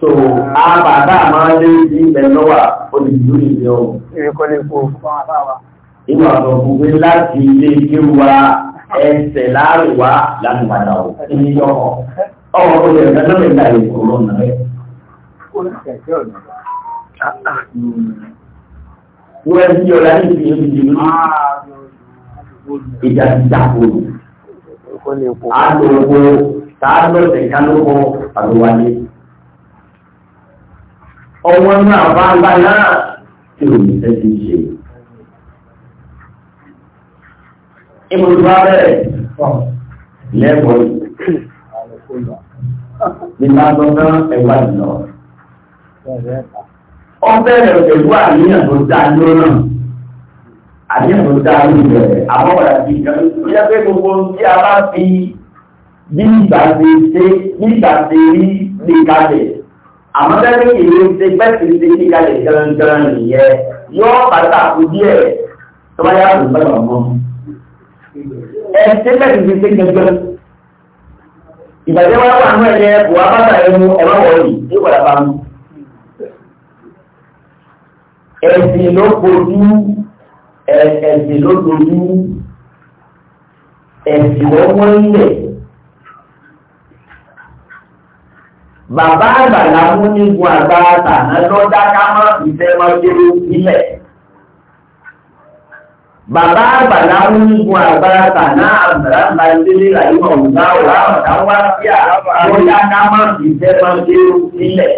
so a bàbá máa lé sí ó lè dúró ìjẹ́ o. Ìrìkọ́ lè kó fún àwọn àbáwá. Inú àbọ̀ gbogbo láti ilé kéwù wa ẹsẹ̀ láàrù wa lánàmàdà o. Ìní yọ ọ̀. Ọ̀rọ̀ tó lè rẹ̀ lọ́dọ̀ ìgbà yìí kò lọ́nà rẹ̀. Wọ́n ẹ ti ọ̀la ní ìfìyẹ́ ti dìbò. Ìjà ti tá a lọ́sẹ̀ kánú kọ́ ọwọ́ náà bá ń bá náà tí o ní fẹ́ ti ṣe. Ibùdó abẹ́rẹ́ lẹ́gbọ̀n ní lásọ̀tà ẹ̀wà ìlọ. Ó bẹ̀rẹ̀ pẹ̀lú àníyàn tó dá ló náà. Àníyàn tó dá ló bẹ̀rẹ̀. Àwọn ọ̀rọ̀ àti ìjọba ló yẹ pé gbogbo tí a bá fi bí ìgbà ti ṣe bí ìgbà ti rí ní kalẹ̀ àmọ́ bẹ́ẹ̀ ni ìwé ṣe bẹ́ẹ̀ ṣe ṣe kalẹ̀ garangaran nìyẹn yóò bàtà kú díẹ̀ tó bá yára lò bẹ́ẹ̀ mọ́. ẹ ṣe bẹ́ẹ̀ ṣe ṣe gẹ́gẹ́ ìbàjẹ́ wa wà nínú ẹ̀yẹ kò wá bàtà ẹ̀ mú ẹ̀ má wọ̀ọ́lì ní ìwàlá bá mú. ẹ̀sìn ló bojú ẹ̀sìn ló dojú ẹ̀sìn ló wọ́n ń bàbá àgbàlá mú nígun àgbà tàná lọ́dá ká mọ́ ìfẹ́ mọ́ kéré nílẹ̀ bàbá àgbàlá mú nígun àgbà tàná àmàlà máa ń délé àyíkọ̀ ọ̀gá ọ̀rá ọ̀dá wá sí àlọ́dá ká mọ́ ìfẹ́ mọ́ kéré nílẹ̀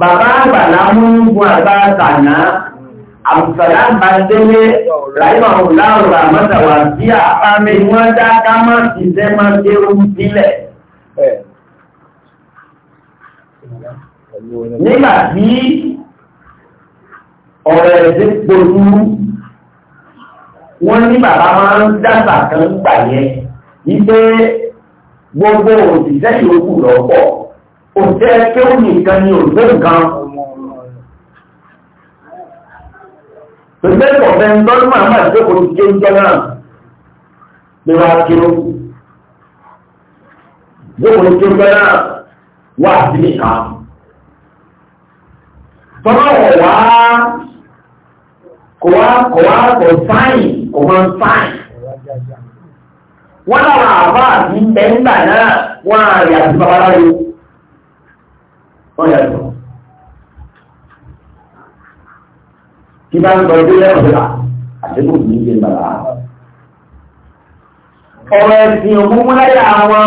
bàbá àgbàlá mú nígun àgbà tàná àmàlà máa ń ọ̀gá ọ̀rá ọ̀dá sí àpá mi wọ́n dá ká nígbà tí ọ̀rọ̀ ẹ̀sìn polú wọ́n ní bàbá máa ń dàgbà kan gbà yẹn wípé gbogbo òṣìṣẹ́ yòókù lọ́pọ̀ òṣìṣẹ́ kéwù nìkan ni òṣìṣẹ́ nǹkan pẹ̀lú ọ̀fẹ́ lọ́dún máa máa tó kò jẹ́ ìjọ náà lè wá kí ó yóò wà sí nìkan tọ́lọ̀wọ̀ wá kò wá kò wá kò sáìn kò mọ́ sáìn wọ́n lára àbá àti bẹ́ńgbà náà wọ́n àrẹ àti babaláwo wọ́n yàtọ̀ kí bá ń sọ ilé ẹ̀rọ̀dà àtẹ́kù ní ilé bàbá ọ̀rọ̀ ẹ̀sìn òmúmúláyà wọn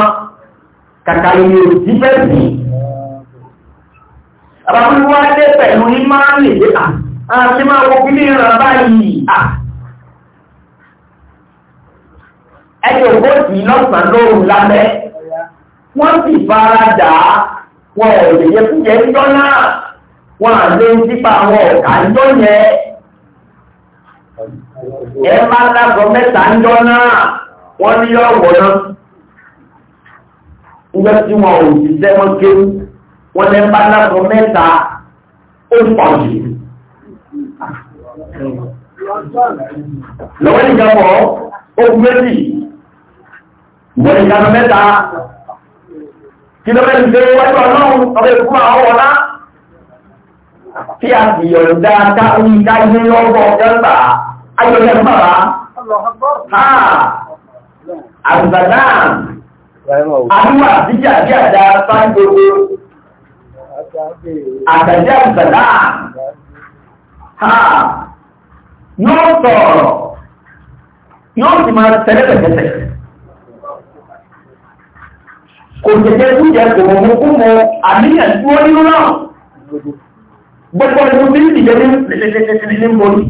kàkà ìrìn òjì bẹ́ẹ̀ àbábí wá dé pẹ̀lú ní máa ń lè dé àti ah, máa wo bí ní ìran bayi à ah. ẹjọ́ bóòtì lọ́sàn lóòrùn lábẹ́ wọ́n sì fara dà á wọn ò lè náà wọn à lè àwọn ọ̀gá jọ yẹn ẹ má lágọ mẹ́ta jọ náà wọ́n ní wọn wọ́n lẹ́ bá lásọ mẹ́ta ó pọ̀ jù. lọ́wọ́ nìkan pọ̀ ogun méjì wọ́n nìkan lọ mẹ́ta kí ló mẹ́rin pé wájú ọlọ́run ọ̀rẹ́ ìkú àwọn ọ̀la tí a sì yọ̀ǹda káwí káyé lọ́wọ́ ẹgbà ayọ̀lẹ̀ mbàrá àgbàdàn àdúrà díjà díàdá sáńgbogbo àtẹ̀jẹ́ ìgbẹ̀dá yóò sọ̀rọ̀ yóò sì máa tẹ́lẹ̀tẹ̀tẹ̀ kò jẹjẹ tó jẹ kò mọ̀ mú mọ̀ àníyàn tí ó nínú náà gbogbo ìlú tí ìjẹ́ ní lẹ́lẹ́lẹ́lẹ́lẹ́ ní mọ́lì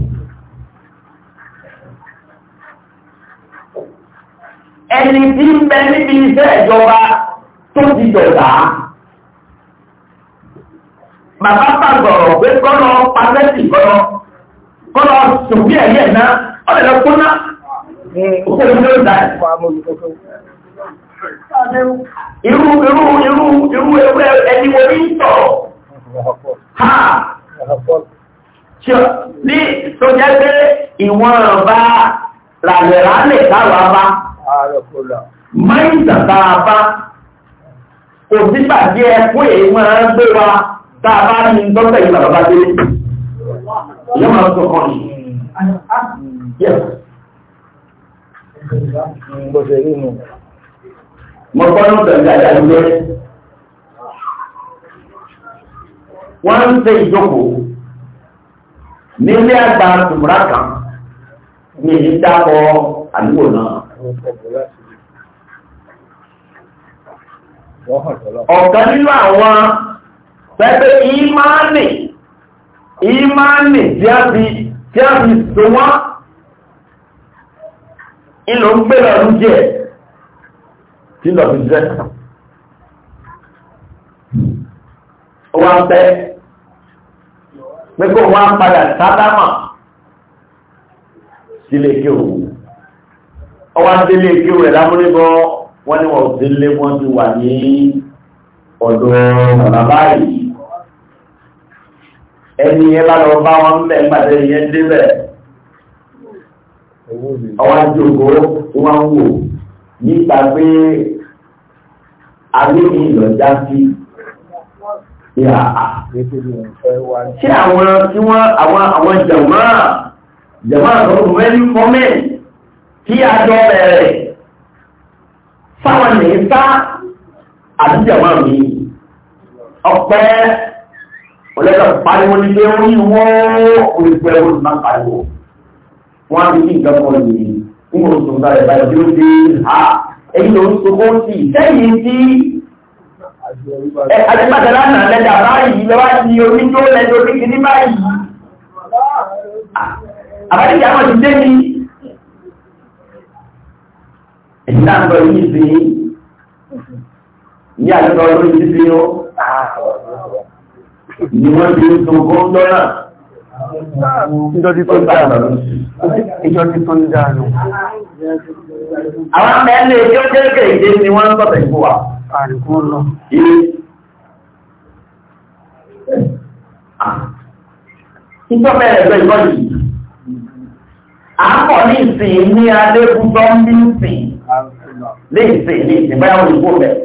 ẹni tí ń bẹ níbi iṣẹ́ ìjọba tó ti jọ̀dá bàbá sàgbọ̀rọ̀ pé kọ́nà pàtẹ́sì kọ́nà kọ́nà sùgbí ẹ̀yẹ náà ó lè lọ kúnná òkèlè ló dà ẹ̀. irú irú irú irú ewé ẹni wo ní tọ̀ ha ní tó jẹ́ pé ìwọ̀n bá làlẹ̀lálẹ̀ káwà bá mẹ́yìn tàbá bá kò sígbà tí ẹkún èèmọ̀ gbé wa tá a bá ní dọ́kítà yìí bàbá dé ìyá máa sọ kan yìí. Mo ṣe rí mu. Mo gbọ́ ní ọ̀sẹ̀ ìyá ìyá Wọ́n ń ṣe ìjókòó nílé àgbà tùmùrà kan ní ìdákọ̀ àdúgbò náà. Ọ̀kan nínú àwọn pẹ́pẹ́ ìmáànì ìmáànì tí a fi tí a fi so wọ́n ìlò ń gbé lọ́rún jẹ́ tí lọ fi jẹ́ wà pẹ́ pẹ́kọ́ wà padà sádámà sílé kí o ọwá sílé kí o rẹ̀ lámúrébọ́ wọ́n ni wọ́n sílé wọ́n ti wà ní ọ̀dọ̀ bàbá báyìí ẹni yẹn bá lọ bá wọn bẹ̀ gbàdé yẹn débẹ̀ ọwọ́ àjòkó tí wọ́n wò nípa pé alẹ́ mi lọ já sí ṣé àwọn tí wọ́n àwọn àwọn jàmá jàmá àtọ́kùn mẹ́rin fọ́mẹ́ tí a jọ bẹ̀rẹ̀ sáwọn nìyí sá àti jàmá mi ọ̀pẹ́ ọ̀lẹ́kà pariwo ní pé ó ní wọ́n olùpẹ́ olùpẹ́ máa pariwo wọ́n á fi kí nǹkan kan yìí ń mọ̀ sọ sáré báyọ̀ tí ó dé ha èyí ló ń sokó sí sẹ́yìn tí adébàtà lánàá lẹ́dà báyìí lọ́wọ́ ti oníjó lẹ́dọ̀ ní kìíní báyìí àbájáde àwọn ti dé ní ìdáǹdọ̀ yìí sí ní àjọ ọdún ìdíbí ó ni wọ́n ti ń sun kó ń dọ́nà. Ìjọ́dí tó ń dáa nù. Ìjọ́dí tó ń dáa nù. Àwọn ọmọ ẹni ìjọ kéèkèé ìdí ni wọ́n ń sọ̀tẹ̀ ìbò wa. Àrìkú lọ. Ìjọ bẹ̀rẹ̀ lọ ìbọn yìí. À ń pọ̀ ní ìsìn ní Adékúntọ́ ń bí ìsìn. Lé ìsìn ní ìsìn báyàwó ìbò bẹ̀rẹ̀.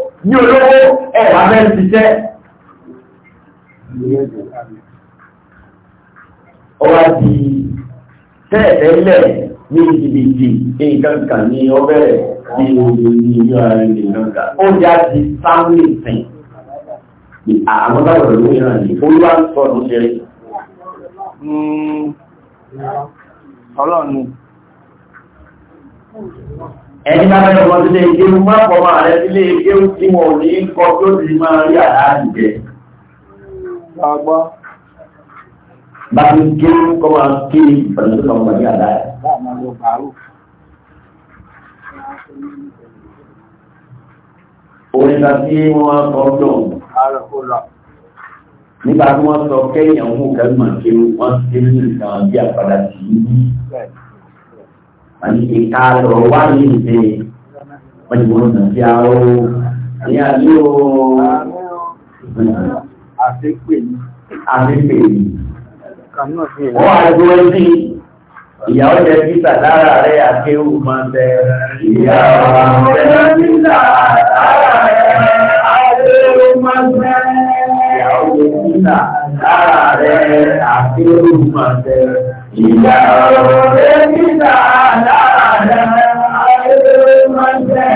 ní olówó ẹ̀wà bẹ́ẹ̀ ṣiṣẹ́ ọwá di tẹ́ẹ̀tẹ́lẹ̀ ní ìdìbìdì ìgbàǹkà ní ọbẹ̀ ní ojú ní ìlú ààrẹ ìgbàǹkà ó já di sáwìn sìn àwọn báwọn ìlú ìrìn àní olúwa sọ hmm. ọlọ́run ẹni bá fẹ́ ọmọ sílé ike ń má pọ̀ máa rẹ̀ sílé ike ń tí wọn ò ní kọ tó ti máa rí àdáàdì jẹ. bá ti ké ń kọ́ máa ké pẹ̀lú tó máa rí àdáàdì. orin ta tí wọ́n kọ́ lóhùn nígbà tí wọ́n sọ kẹ́yìn àwọn òkè máa ké wọ́n ti rí nǹkan bí àpàdà tì í. Ìkàlọ̀ wá ní ìdè, wọ́n ti wọ́n nà sí àárọ̀ ní àjò àfẹ́pẹ̀ ní. Wọ́n wá gbọ́ sí ìyàwó jẹ títà lára rẹ̀ àkéwù máa ìjà ọ̀rọ̀ dẹ́gbìtà láàárín ayélujára.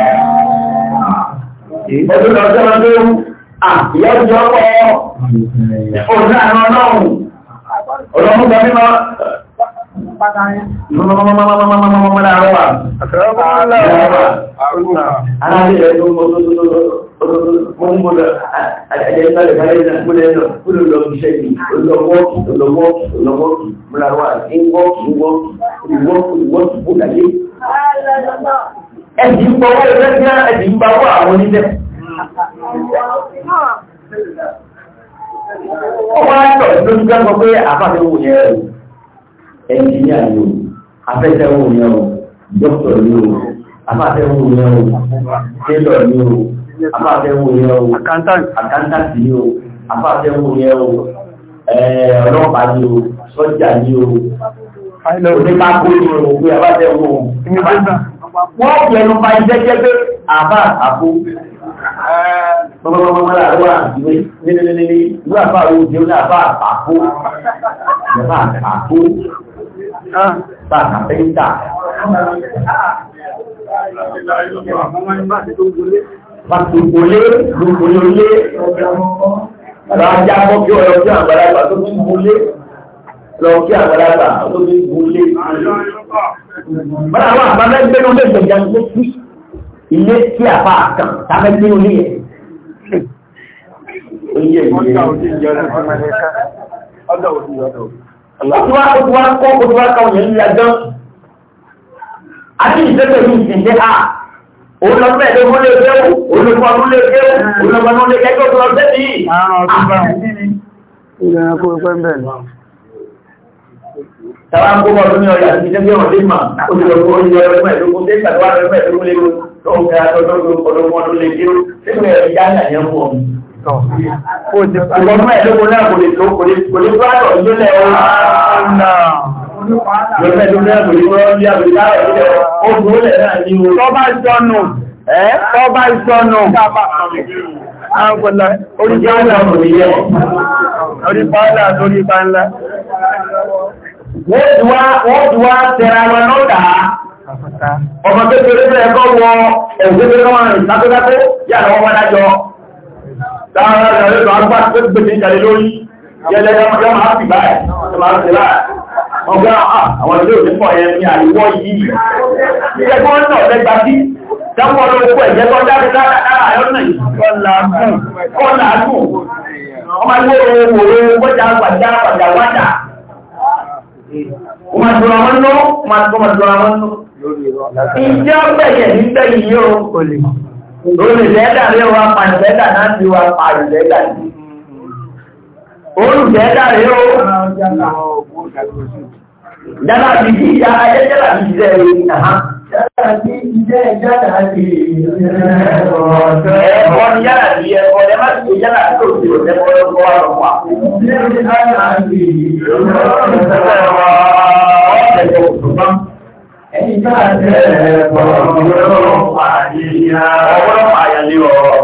Ọdún lọ́jọ́ ọdún, àyọ́ jọ pọ̀ ọ̀dún àwọn ọlọ́run. Ọlọ́run gbọ́ mímọ́. Mọ́mọ́mọ́mọ́mọ́mọ́mọ́mọ́mọ́ ń gbọ́dọ̀ àjẹ́sà lè bá lẹ́nà múlẹ̀ lọ kúrò lọ bí iṣẹ́ yìí olùlọ́wọ́kì olùlọ́wọ́kì olùlọ́wọ́kì múlárà ìwọ́kì ìwọ́kì ìwọ́kì ìwọ́kì kó dàgé. ẹ̀sì ń bọ̀wọ́ ẹgbẹ́ bí ẹ̀sì ń bọ̀wọ́ àwọn oníṣẹ́. ó wá tọ̀ lójú gbàgbọ́ pé àfàfẹ́ wò yẹn o ẹnjìníà ni o afẹ́fẹ́ wò yẹn o dókítà ni o àfàfẹ́ wò yẹn o tẹ́lọ̀ ni o àfáàfẹ́wò yẹ o accountant ni o àfáàfẹ́wò yẹ o ọlọ́pàá ni o sọ́jà ni o onípákó ni o pé àfáàfẹ́wò wọ́n fi ẹnu pa iṣẹ́ jẹ́ pé àbá àpò mọ́mọ́mọ́mọ́ làwọn àgbẹ̀ nílẹ̀lẹ́lẹ́ ìlú àbá òjò ní àbá àpò àbá àpò bá àpẹ́ńtà pàtàkì lé gbogbo lé lọ ajá mọ́ kí ọ̀rọ̀ kí àgbàlagbà tó fi mú lé lọ kí àgbàlagbà tó fi mú lé. Bọ́lá àwọn àbábẹ́ gbẹ́nu lè gbẹ̀jà tó sí ilé tí àbá kan tábẹ́ gbẹ́nu lé yẹn. Oúnjẹ ìyẹn. Ọjọ́ òsì ọjọ́ òsì. Ọ̀túwá ọ̀túwá kọ́ ọ̀túwá káwọn yẹn ń lajọ́. Adé ìṣẹ́gbẹ̀rún ìṣẹ̀ṣẹ̀ ha olùkọ́ ẹ̀dọ́gbọ́n lè fẹ́ wù olùkọ́ ọdún lè fẹ́ wù olùkọ́ ọdún lè kẹ́kọ̀ọ́ tó lọ sí ní. àrùn ọdún bá wọn ilẹ̀ ẹ̀kọ́ ẹ̀kọ́ ń bẹ̀ lọ. tàbá ń kó bọ́ ọdún ní ọjà ní ìjẹ́ bí ọmọ dé mà olùkọ́ olùkọ́ ẹ̀dọ́gbọ́n ẹ̀dọ́gbọ́n dé tàbá ẹ̀dọ́gbọ́n ẹ̀dọ́gbọ́n lè lò lóhùn kẹ́ ọdún ọdún lè dé sígbẹ̀ ẹ̀dá ìyàn fún ọ Ọgbọ́n mẹ́ẹ̀ẹ́dógún náà kò lè tó kò lè tó ìjọ́lẹ̀ ọ̀rọ̀. Tọ́bá ìṣọ́nù, ẹ́ tọ́bá ìṣọ́nù. Àpọ̀lá, oríṣẹ́ àlà òmìnirẹ́, orípa àlà torí Wọ́n ti wá tẹ́ra wọn lọ́dà. tó kéré bẹ̀rẹ̀ kọ́ wọ ẹ̀wùgbé tó wọ́n ọgá ah, àwọn ilé òní pọ̀ yẹn ní àríwọ́ yìí ṣe kọ́ náà lẹ́gbà bí dápọ̀ olóko ẹ̀jẹ̀ kọ́ dábí dáadáa ayọ́ náà kọ́ làágùn kọ́ làágùn ọmọ ilé òun òun kọjá gbàjá gbàjá wájà ó máa dùnra wọn lọ máa tó máa dùnra wọn lọ ó Dára bí i ìyá ayẹ́jẹ́lá bí bí i jẹ́ ìjára bí yára bí ẹ̀kọ́ lẹ má ti tó ti ò lẹ́kọ́ lọ́kọ́ wà lọ́pàá. Lẹ́rìn lára bí i ọ̀rọ̀ Ẹ̀yìnká jẹ́ ẹ̀kọ́ ọ̀pọ̀lọpọ̀ àyíyá. Ọ̀pọ̀lọpọ̀ àyà ní ọ̀rọ̀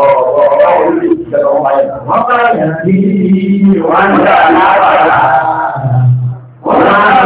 orílẹ̀-èdè ìjọba ọmọ ayẹ̀kọ́. Wọ́n bá yà ní wọ́n dà lára.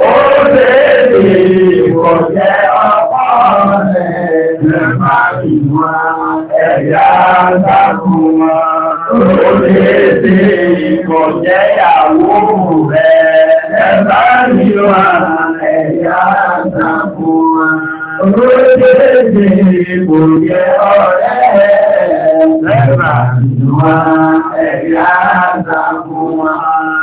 ó lè lè kọjá ọ̀pọ̀ rẹ̀ lẹ́fà ìwọ̀n ẹ̀yà sákùn wọn. Ó lè lè kọjá ìyàwó rẹ̀ lẹ́fà ọ̀rẹ́ rẹ̀ lẹ́fà ẹ̀yà sákùn wọn.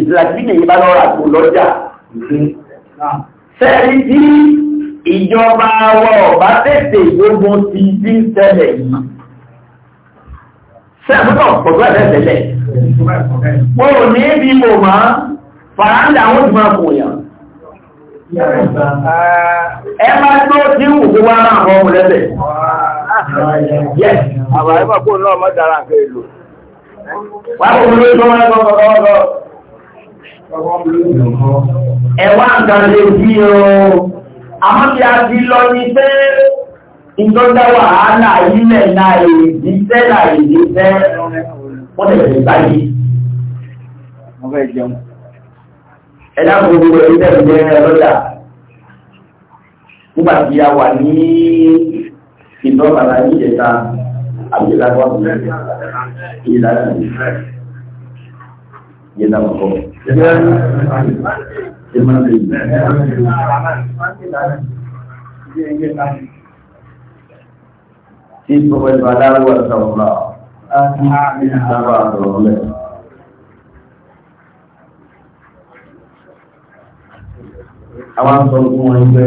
ìtìlàjí lè bá lọ́ra kò lọ́jà sẹ́rí tí ìjọba wọ bá tètè gbogbo ti dí tẹ́lẹ̀ yìí sẹ́ẹ̀mùtọ̀ pọ̀gbọ́ ẹ̀tẹ́lẹ̀ wọ́n ò ní bí mo máa fàáńdà àwọn ìgbà kò yàn ẹ máa tó tí wù kó wá náà àwọn ọmọ lẹ́bẹ̀ Yes. Àwọn àìbàkó náà mọ́ dára nǹkan èlò. Wà á kò mú lórí tó wọ́n Ẹ̀wà nǹkan lè bí o, àmọ́ tí a ti lọ ní pé ìtọ́já wàhálà ilẹ̀ náà èdè tẹ́ náà èdè tẹ́ wọ́n tẹ̀lẹ̀ báyìí. Wọ́n fẹ́ jẹun. Ẹ̀dá gbogbo ẹ̀rí tẹ̀lẹ̀ jẹ́ ẹlọ́jà. Nígbà tí a wà ní ìtọ́ bàbá ní ìjẹta, àbí ìlànà ìlànà ìlànà yana mako tí gbogbo ìgbà aláwọ̀ ìsọ̀rọ̀lá sábà àtọ̀rọ̀lẹ̀ àwọn sọ fún wọn pé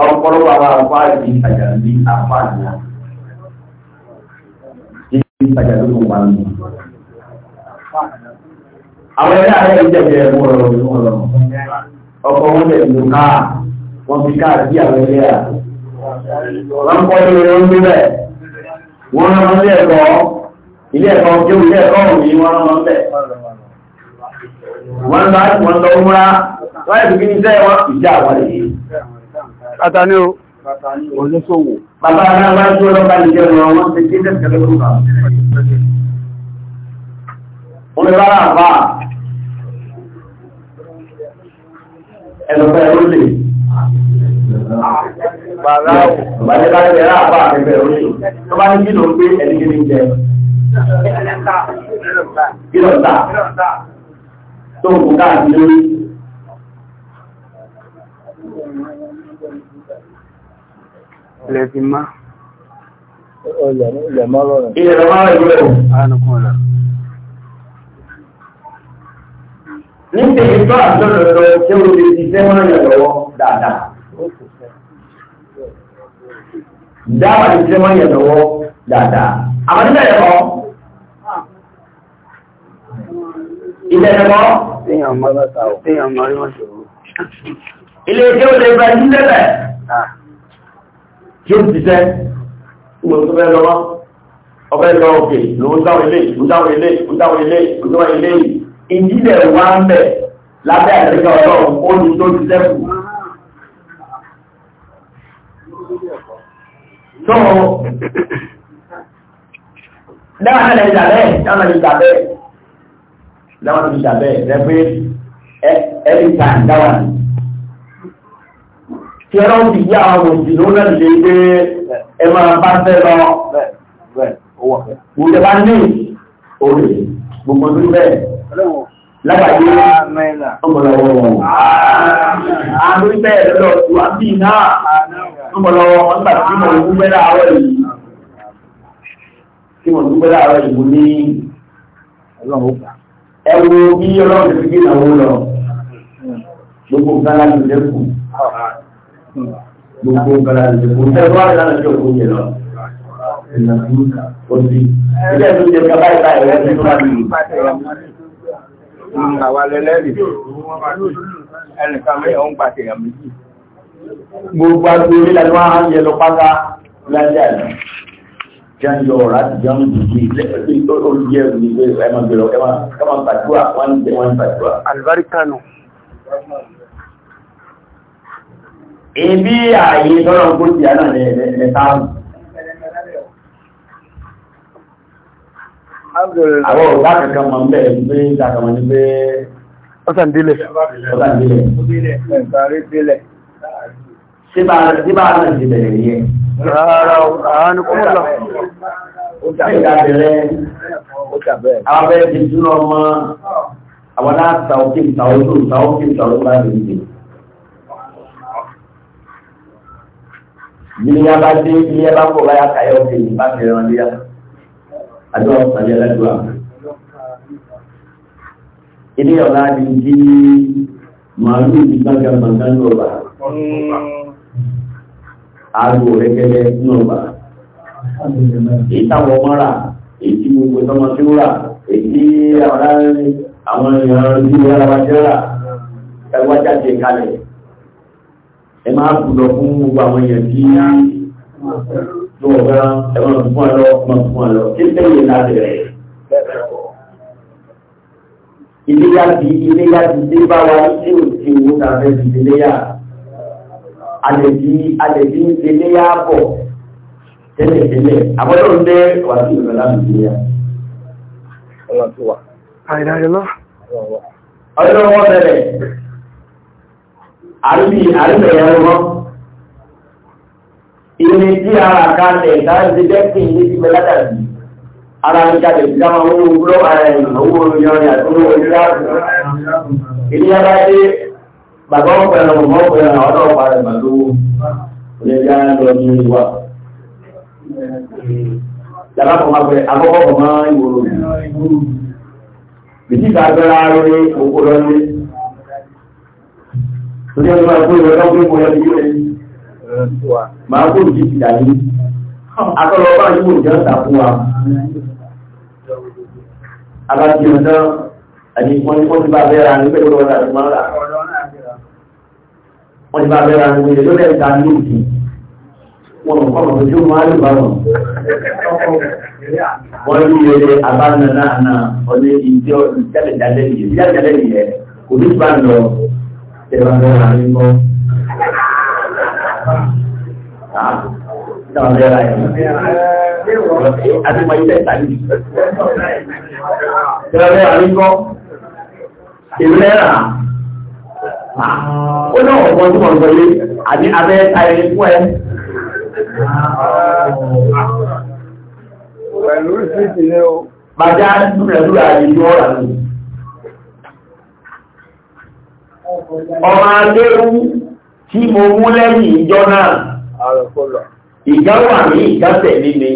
ọ̀pọ̀lọpọ̀ àwọn àfáàdì àjàndí àfáàdì àti ìtajà tó kò wà nínú Àwọn ẹ̀dá rẹ̀ ń jẹ̀bẹ̀ ẹ̀wọ̀n ọ̀rọ̀ ìlú ọ̀rọ̀. Ọkọ̀ wọn jẹ̀ ìlú káà, wọ́n fi káà sí àwọn ilé à. Wọ́n kọ́ ilé rẹ̀ ń bíbẹ̀. Wọ́n rán wọn ilé ẹ̀kọ́, ilé ẹ̀kọ́ kí ní sẹ́yìn o, oníṣòwò wọ́n lè rárá àbá ẹ̀lọ́pẹ̀ ẹ̀rọ lè bàjẹ́ bá lè rárá àbá ẹ̀lọ́pẹ̀ ẹ̀rọ lè tó bá ní kí ló ń gbé ẹ̀lẹ́gẹ́lẹ́ jẹ gírọ̀ta tó kù rọrùn. Ilẹ̀ máa rọrùn. níbi ìtọ́ àtọ́lọ́lọ́ tí ó lè ti fẹ́ máa yàn lọ́wọ́ dáadáa. Dáwà lè fẹ́ máa yàn lọ́wọ́ dáadáa. Àwọn ilé ẹ̀kọ́. Ilé ẹ̀kọ́. Ilé tí ó lè fẹ́ sí lẹ́lẹ̀. Tí ó ti fẹ́. Ìgbò tó fẹ́ lọ́wọ́. Ọbẹ̀ lọ òkè ló dáwọ̀ ilé, ń dáwọ̀ ilé, ń dáwọ̀ ilé, ń dáwọ̀ ilé yìí ìjílẹ̀ wá ń bẹ̀ lábẹ́ àtẹ́jọ́ ọlọ́run ó ní tó ti sẹ́kù. tó dáwọn ẹ̀lẹ́ ìjà bẹ́ẹ̀ dáwọn ẹ̀lẹ́ ìjà bẹ́ẹ̀ dáwọn ẹ̀lẹ́ ìjà bẹ́ẹ̀ lẹ́pẹ́ ẹ̀rí tàn dáwọn tí ẹ̀rọ ti gbé àwọn òsì ló náà lè gbé ẹ gbogbo tó bẹ́ẹ̀ lábàáyé ọmọlọ́wọ́ wọn. Àánú bẹ́ẹ̀ lọ tó á bí náà ọmọlọ́wọ́ wọn gbà tí mo rú bẹ́ẹ̀ láàárọ̀ yìí. Tí mo rú bẹ́ẹ̀ láàárọ̀ yìí mo ní ẹ wo bí ọlọ́run ti gbé ìnáwó lọ. Gbogbo nǹkan láti lè kù. Gbogbo nǹkan láti lè kù. Ṣé wọ́n á lè lọ́jọ́ òkú yẹn lọ? Ìlànà ìlú kan. Ó ti. Ilé ìlú jẹ́ kábáyìí báyìí rẹ̀ nínú àdúgbò àwa lẹ́lẹ́rìí ẹnìkan mẹ́ ọ̀n gbà tẹ̀yà méjì gbogbo agbó nílẹ̀ wọ́n á yẹ lọ pátá lájá yìí jẹ́njọ ọ̀rá ti jẹun jìjì lẹ́pẹ̀ẹ́ olùjẹ́ ìgbé ẹmọ̀gbẹ̀rọ ẹmọ̀ gbàdúrà wọ́n ń jẹ́ wọ́n ń gbàdúrà. alibarikanu. èbí ààyè tọ́lọ̀ ń kó ti àná ẹ̀ àwọn ọ̀gá kankan mọ̀ bẹ́ẹ̀ pé ìdàkàmọ̀ ní pé ọ̀sàndílẹ̀ ọ̀sàndílẹ̀ síbà náà ti bẹ̀rẹ̀ yẹ rárá àánú kúrò lọ àwọn bẹ́ẹ̀ ti dúró ọmọ àwọn láta òkè ìtàwó tó ìtàwó kí ìtàwó bá lè dìde bí ní yá bá dé ilé bá kò bá yá kàyọ́ òkè ìbá bẹ̀rẹ̀ àjọ ọ̀sàlẹ̀ ẹlẹ́dùá ilé ọ̀la ni kí màálù ní gbàgbàgbàgbà ní ọba àrò rẹ̀kẹ́lẹ́ ní ọba ìtàwọ̀ mọ́ra èyí gbogbo tọmọ tí ó rà èyí àwọn èèyàn ní alábàjẹ́ra ẹgbàjáde kalẹ̀ lọ́wọ́ bá ẹ̀wọ̀n fún àlọ́ ọmọ fún àlọ́ tí sẹ́yìn láti rẹ̀. Iléyà bí iléyà ti dé bá wa tí ò ti wo ta fẹ́ fi iléyà. Àlẹ̀bí àlẹ̀bí iléyà bọ̀ tẹ́lẹ̀tẹ́lẹ̀. Àbọ̀dọ̀ ń bẹ́ wà sí ìrọ̀lẹ́ láti iléyà. Ọlọ́run wọ́n bẹ̀rẹ̀. Àrùbí àrùbẹ̀rẹ̀ ọmọ ìrìn tí ara kalẹ̀ ìdáhùnsí dẹ́kìn ní ti mẹ́lẹ́dà sí ara ń kalẹ̀ sí káwọn owó wúlọ́ ara ẹ̀yìn owó olùyọrin àti owó olùyọrin ìní ara dé bàbá ọ̀pẹ̀rẹ̀ ọmọ ọ̀pẹ̀rẹ̀ àwọn ọ̀pá rẹ̀ bà lówó oníjà lọ ní ìwà yàrá kọ̀ọ̀má pẹ̀ akọ́kọ́ kọ̀ọ̀má máa kó ìdí ìdá yìí akọ́lọ́pàá yìí wò jẹ́ ọ̀tà fún wa abájú ọ̀dọ́ àti wọ́n ní wọ́n ti bá bẹ́ra ní pẹ̀lú ọ̀dà tó máa ń rà wọ́n ti bá bẹ́ra ní pẹ̀lú ọ̀dà tó máa ń rà wọn ò kọ́kọ́ tó jùmọ́ àlùbá wọn. wọ́n ní ilé abáná náà náà ọdún ìjọ ìjálẹ̀jálẹ̀ yìí ìjálẹ̀jálẹ̀ yìí kò ní bá lọ ìjọba náà ní kọ́ náà lẹ́ra ẹ̀ àti mọ̀ ilẹ̀ ìtàlẹ̀ ìrọ̀lẹ́ra ní kọ́ ìrọ̀lẹ́ra ó náà ọ̀pọ̀ tí wọ́n gbọ́lé àti abẹ́ ayẹyẹ fún ẹ pẹ̀lú ìsìnkì ní o bàjá pẹ̀lú àyè ní ọ̀rà ní ọmọ alẹ́rú tí mo mú lẹ́yìn ìjọ ìjà wà ní ìjà tẹ̀lé mi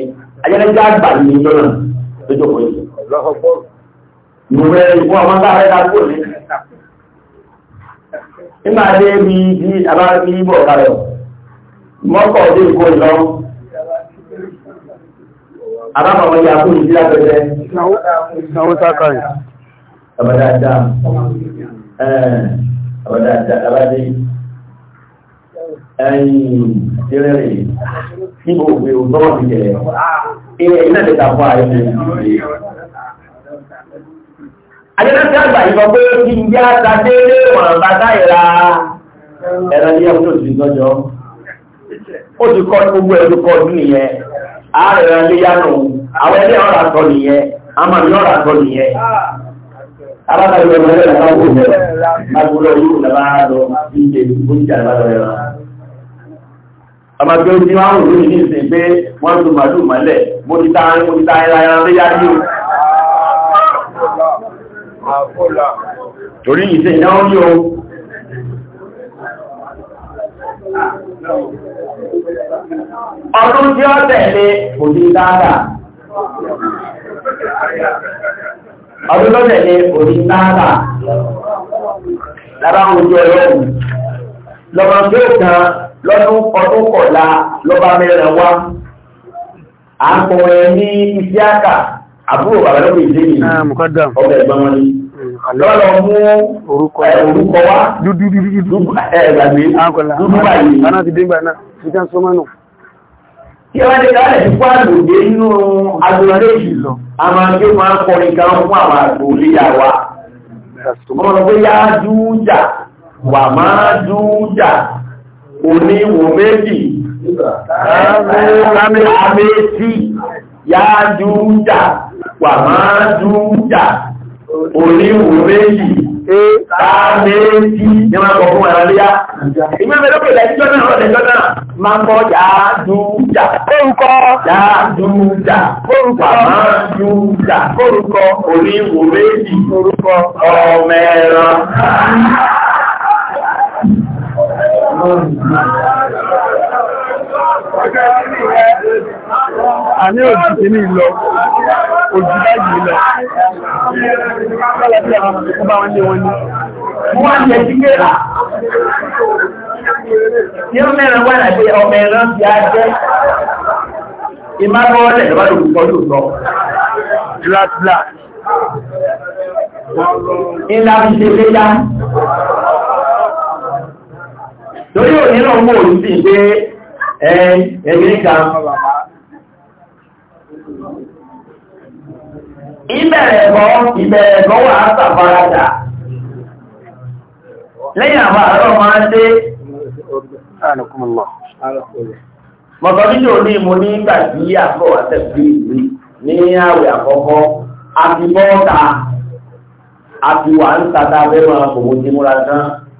ajẹ́lẹ́jẹ́ àgbà ní ìjọ náà lójókòó yìí. mo fẹ́ ikú ọmọ sáré dákúrò ní. nígbà dé bí bí abárábí bọ̀ kalẹ̀ mọ́kọ̀ dé ìkó ìlọ. abábàmọ́ yà kó ìdílé abẹ́rẹ́. ìsanwó sáka yìí. abadá dáa abadá dáa abadá yìí ẹ̀yìn ìrẹ̀rẹ̀ níbo òfin òtọ́wọ̀ ti jẹ̀rẹ̀ ilẹ̀ iná lè ta fún ààrẹ Adéláṣẹ́ àgbà yìí sọ pé kí n yá ta déédé wọ̀n bàtà ìra ẹ̀rọ ní ọdún òsì lọ́jọ́. Ó ti kọ́ gbogbo ẹ̀rọ kọ́ ọdún nìyẹn. Ààrẹ rẹ̀ lé yánu, àwọn ẹlẹ́ ọ̀rà sọ nìyẹn, àmà mi ọ̀rà sọ nìyẹn. Alábàáyọ̀ ọmọ ẹlẹ́rẹ̀ láwọn òṣèlú, agbóhùn yóò lọ́wọ́ lọ sí ìjẹ́ ìgbóhùn ìjà lọ́wọ́ àmàgbé ojú àwọn òun ní ìsìn pé wọ́n tó màlúù mọ́lẹ̀ mọ́títà mọ́títà ẹran tó yá ní torí ìsìn ìyáwó ní o ọdún tí ó tẹ̀lé kò ní ọdún tó tẹ̀lé kò ní dáadáa lára oúnjẹ lọ́wọ́ lọ́wọ́ tí ó kan lọ́dún ọdún kọ̀lá lọ́ba mẹ́rin wá à ń pọ̀ ẹ̀ ní Isiaka àbúrò bàbá lọ́bẹ̀ ìdí mi ọbẹ̀ ẹ̀gbọ́n wọn ni mm, lọ́lọ́ mú orúkọ wá dúdú dúdú ẹ̀gbàgbé dúdú báyìí. báná ti dé gbà náà fi tán sọmọ náà. tí wọ́n ti kálẹ̀ ti òní wò méjì lámì àmẹ́sí yáájú jà wà máa jú jà òní wò méjì lámẹ́sí ní máa kọ̀ fún ẹ̀rọ léyá ìgbẹ́mẹ́ lókè lẹ́jọ́ náà lẹ́jọ́ náà máa kọ́ yáájú jà kórúkọ yáájú jà kórúkọ wà a Àní òjìdí ní ìlọ, òjìdá yìí lọ. Kọ́lá tí àwọn ọmọ bá wọ́n lé wọn ní. Wọ́n lè ti kéèrà. Yóò mẹ́rin wà láti ọmọ ẹ̀rán ti á jẹ́. Ìmáàbọ̀ ọlẹ̀ lọ́wọ́ lòkùnkọ́ lòótọ́. Gíláàsì torí òní náà mú òun sí pé ẹgbẹ́ níka ìbẹ̀rẹ̀ ẹ̀kọ́ ìbẹ̀rẹ̀ ẹ̀kọ́ wà á lẹ́yìn àwọn àárọ̀ máa ń dé mọ̀tọ́ nínú òní mo ní ìgbà tí àkọwà àtẹ́kù ìlú ní àwẹ̀ àkọ́kọ́ àti bọ́ọ̀ta àti wà ń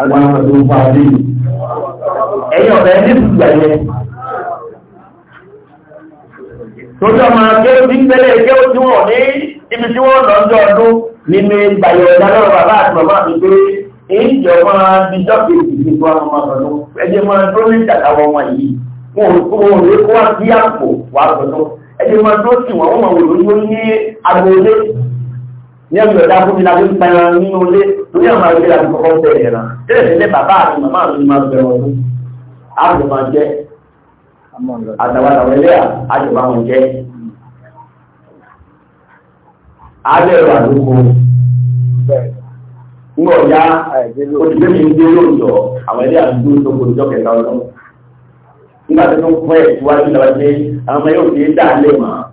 àwọn àgbàdo bá a lè ẹ̀yìn ọ̀rẹ́ ní ìgbà yẹn tójú ọmọ akéwò tí pẹ́lẹ̀ kéwò tí wọ́n ní ibi tí wọ́n lọ́jọ́ ọdún nínú ìgbàyọ̀ ìdálọ́rọ̀ bàbá àti màmá mi pé èyíjọ máa bí jọ́kèjì ní tó àwọn ọmọ ọdún ẹjẹ máa tó ní ìjàkàwọ̀ wọn yìí wọn ò kó wọn ò kó wá sí àpò wà ọdún ẹjẹ máa tó sì wọ́n wọ́n wò lóyún ní agboolé ní ẹgbẹ̀ ọ̀dá fún mi láti ń pa ẹran nínú ilé torí àwọn àgbẹ̀ láti kọ́kọ́ ń bẹ̀rẹ̀ ẹ̀ràn tẹ́lẹ̀ tẹ́lẹ̀ bàbá àti màmá mi máa bẹ̀rẹ̀ ọdún àbò máa jẹ́ àtàwàtàwà ẹlẹ́yà àjò máa ń jẹ́ àbẹ̀rẹ̀ àdúgbò ń ọ̀yá òṣìṣẹ́ mi ń dé lóòjọ́ àwọn ẹlẹ́yà ń dúró tó kọjọ́ kẹta ọdún nígbà tó ń pẹ́ ìwájú lọ́wọ́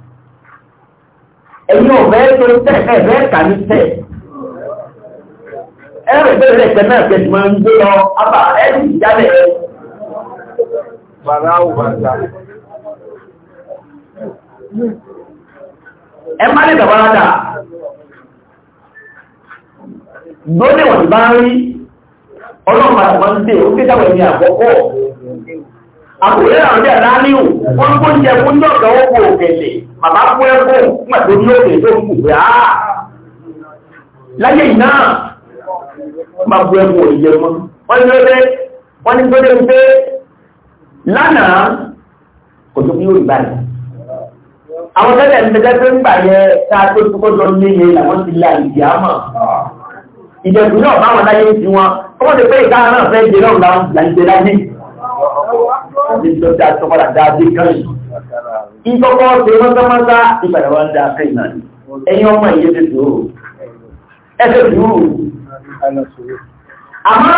ẹ̀yin ọ̀fẹ́ tó tẹ̀ ẹ̀fẹ́ kà ní tẹ̀ ẹ̀rẹ̀ bẹ́ẹ̀ rẹ̀ tẹ̀ náà tẹ̀sí máa ń gbé lọ abà ẹ̀rù ìjálẹ̀ ẹ̀. ẹ má lè bàbá rádà lónìí wọ̀n bá rí ọlọ́pàá àti wọn ń tẹ̀ ó ké sáwọn àkọ́kọ́ àkùrẹ́ àwọn jẹ́ láníwò wọ́n kó jẹ fún ní ọ̀dọ̀ owó òkèlè bàbá kú ẹkùn pẹ̀lú ní òkè tó kù pé á láyé ìná bá kú ẹkùn òyìnbó mọ́ wọ́n ní lóde wọ́n ní lóde pé lánàá kò tó kí ó rí báyìí àwọn tẹ́lẹ̀ ń tẹ́lẹ̀ pé ń gbà yẹ ká tó tó kó lọ níye làwọn ti la ìdí àmọ́ ìjẹ̀kùn náà báwọn láyé ń ti wọn ọmọdé pé ìta àbí tó dá tọ́kọ́lá dáadé kẹ́yìn ìkọ́kọ́ tó mọ́tọ́mọ́tá ìpàdé wọn dá kẹ́yìn náà ẹ̀yìn ọmọ ìyẹ́ ti sòrò ẹ̀sẹ̀ sòrò àmọ́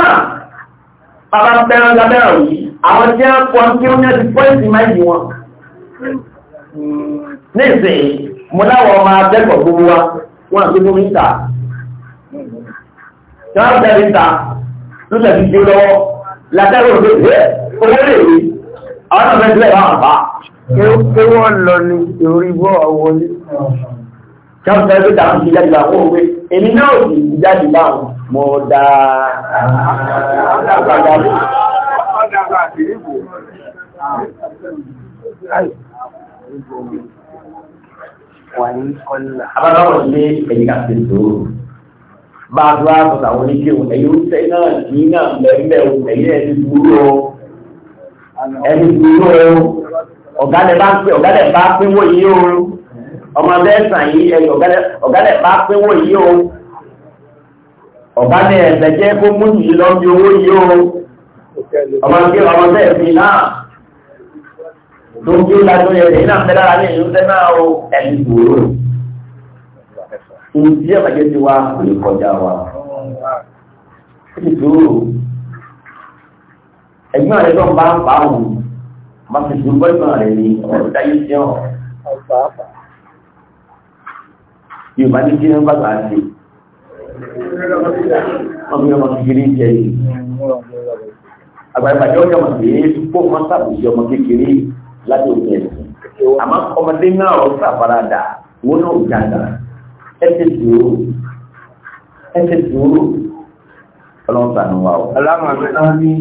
bàbá bẹ́rẹ̀ lábẹ́rẹ̀ yìí àwọn tí wọ́n kọ́ kí wọ́n ti pọ́ìntì máa yìí wọn nísìn mo láwọn ọmọ akẹ́kọ̀ọ́ gbogbo wa wọn àti gbogbo níta tí wọ́n bẹ̀rẹ̀ níta ló tẹ̀sí dé lọ́wọ́ látẹ́rù òde owó lè rí àwọn ọ̀fẹ́ sílẹ̀ bá wà bá. pé wọ́n lọ ní orí bọ́ àwọlé. jọ́n fẹ́ gbé tàbí ti jáde báwọn òwe èmi náà ò sì jáde báwọn mo dá Abájáwọ̀ ilé ẹ̀yìn àti ìṣòro. Bá a tó á sọ̀tà wọn ní kí òun ẹ̀yìn ó tẹ́ náà ní náà mẹ́rin mẹ́rin ẹ̀yìn ẹ̀ ti burú o ẹni tí ó ọ̀gálẹ̀ bá pé ọ̀gálẹ̀ bá pínwó yìí o ọmọ lẹ́sàn yìí ẹni ọ̀gálẹ̀ bá pínwó yìí o ọ̀gálẹ̀ ẹ̀sẹ̀ jẹ́ kó mú yìí lọ bí owó yìí o ọmọ tí ọmọ bẹ́ẹ̀ fi náà tó ń gbé lájọ́ yẹn lè náà fẹ́lára ní ìlú tẹ́ náà o ẹni gbòòrò ohun tí ẹ̀bàjẹ́ ti wá kò ní kọjá wa. Ìdúró ẹ̀gbọ́n rẹ̀ tó ń bá ń bá wù má fi sùn gbọ́dọ̀ rẹ̀ ní ọ̀rọ̀ dáyé sí ọ̀. Yorùbá ní kí ni wọ́n bá gbà á sí. Wọ́n fi ọmọ kékeré jẹ yìí. Àgbàlagbà jẹ́ ọjọ́ màtí kó wọ́n sàbòsí ọmọ kékeré láti òkè ẹ̀sìn. Àmọ́ ọmọdé náà ọ̀ sàfaradà wọ́n náà jàdà. Ẹ ti sùúrù. Ẹ ti Ọlọ́run sànù wa o. Aláàmọ̀ àmì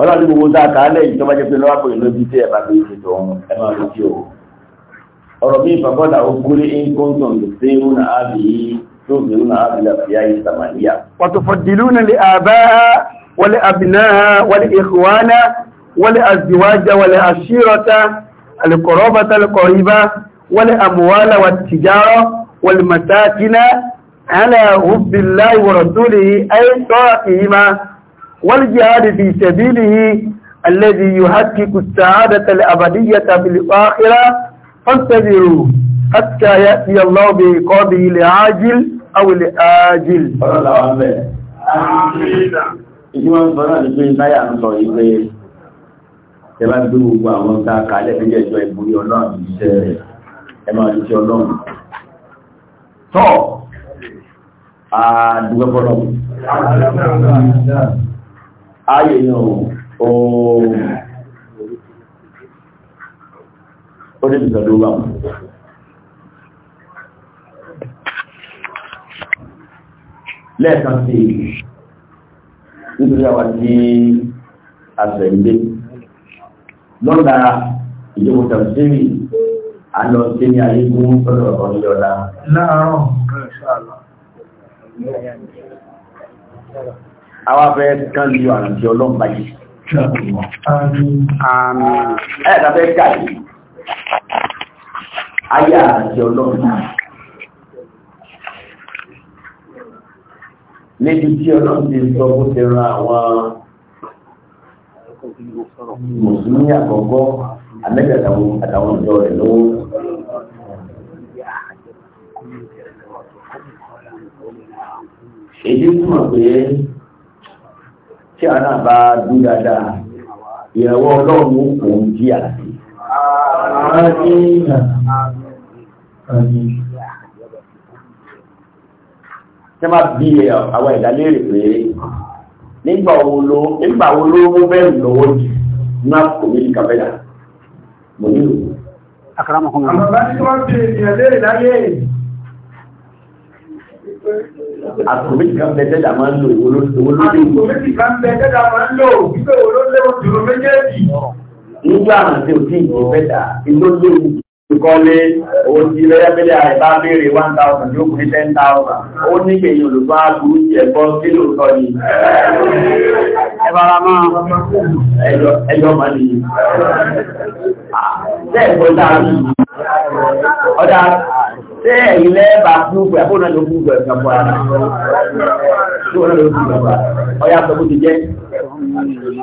ọlọ́run gbogbo tá a kà á lẹ́yìn tó bá jẹ́ pé lọ́wọ́ pé lójú tí ẹ̀ bá fi ṣe ẹ máa lójú o ọ̀rọ̀ bí ìfàgbọ́dà ó gúrí ń kóńtọ̀n lè ṣe irú na ábì yìí tó fi irú na ábì láti yá yìí sàmàlíyà. wàtò fọ̀dìlú na lè àbá wọlé àbìnà wọlé ìhùwánà wọlé àzìwájà wọlé àṣírọta alìkọ̀rọ̀bàtà alìkọ̀rìbá wọlé àmúwálà wà tìjárọ̀ wọlé màtàkínà àlà hùbìláì wọ̀rọ̀ والجهاد في سبيله الذي يحقق السعادة الأبدية في الآخرة فانتظروا حتى يأتي الله بإيقاظه لعاجل أو لآجل Ìjúmọ̀ ń sọ́nà ẹbá tó gbogbo àwọn ta kàálẹ̀ tó jẹ́ ìjọ ìbúrí ọlọ́run iṣẹ́ rẹ̀, ẹ máa ọlọ́run. Tọ́ àdúgbẹ́fọ́lọ́run ayé náà ooo ó dé ìsọ̀dọ̀ wà mú lẹ́ẹ̀kan sí nítorí àwọn tí àṣẹ̀lé lọ́la ìjọba tàbí àlọ́ sí ní ayé fún ọ̀rọ̀ ọ̀rọ̀ ọ̀la láàárọ̀ àwọn afẹ́ kan lu àrùn tí ọlọ́run bá yìí ẹ̀ tàbí káàkiri ayé àrùn tí ọlọ́run náà níbi tí ọlọ́run ti sọ bó ti ran àwọn mùsùlùmí àkọ́kọ́ àmẹ́jọ àtàwọn ọ̀dọ́ rẹ̀ lọ́wọ́ èyí túmọ̀ pé tí a náà bá dún dáadáa ìrànwọ́ ọlọ́run kò ń jí àti. Ṣé máa bí àwọn ìdálérè pé nígbà wo ló nígbà wo ló mú bẹ́ẹ̀ lọ́wọ́ jù náà kò ní kàfẹ́dà mo nílò. Àkàrà mọ̀kànlá. Àmọ̀ bá ní wọ́n ti ìyẹ̀lé ìdáyé àtò méjì kan bẹ dẹ́dà máa ń lò ìwò ló lé wò. àtò méjì kan bẹ dẹ́dà máa ń lò wípé wò ló lé oṣù ló méjèèjì. nígbà àwọn tí o ti ìdí bẹ́dà inú ló ń ìkọ́lé owó ti lẹ́yẹ́bẹ́lẹ́ àìbá béèrè one thousand yóò kún ní ten thousand ó ní kèyìn olùkọ́ àbúrú jẹ́ bọ́ kílò sọ ni ẹ̀bára máa ẹjọ́ máa lè ṣẹ́ẹ̀kọ́ dáadé ọ̀dá tẹ́ ẹ̀yìn lẹ́ẹ̀bà púpẹ̀ àbúrò ló púpẹ̀ ìgbàpọ̀ àná tó wọ́n ló púpẹ̀ ọ̀yá sọ bó ti jẹ́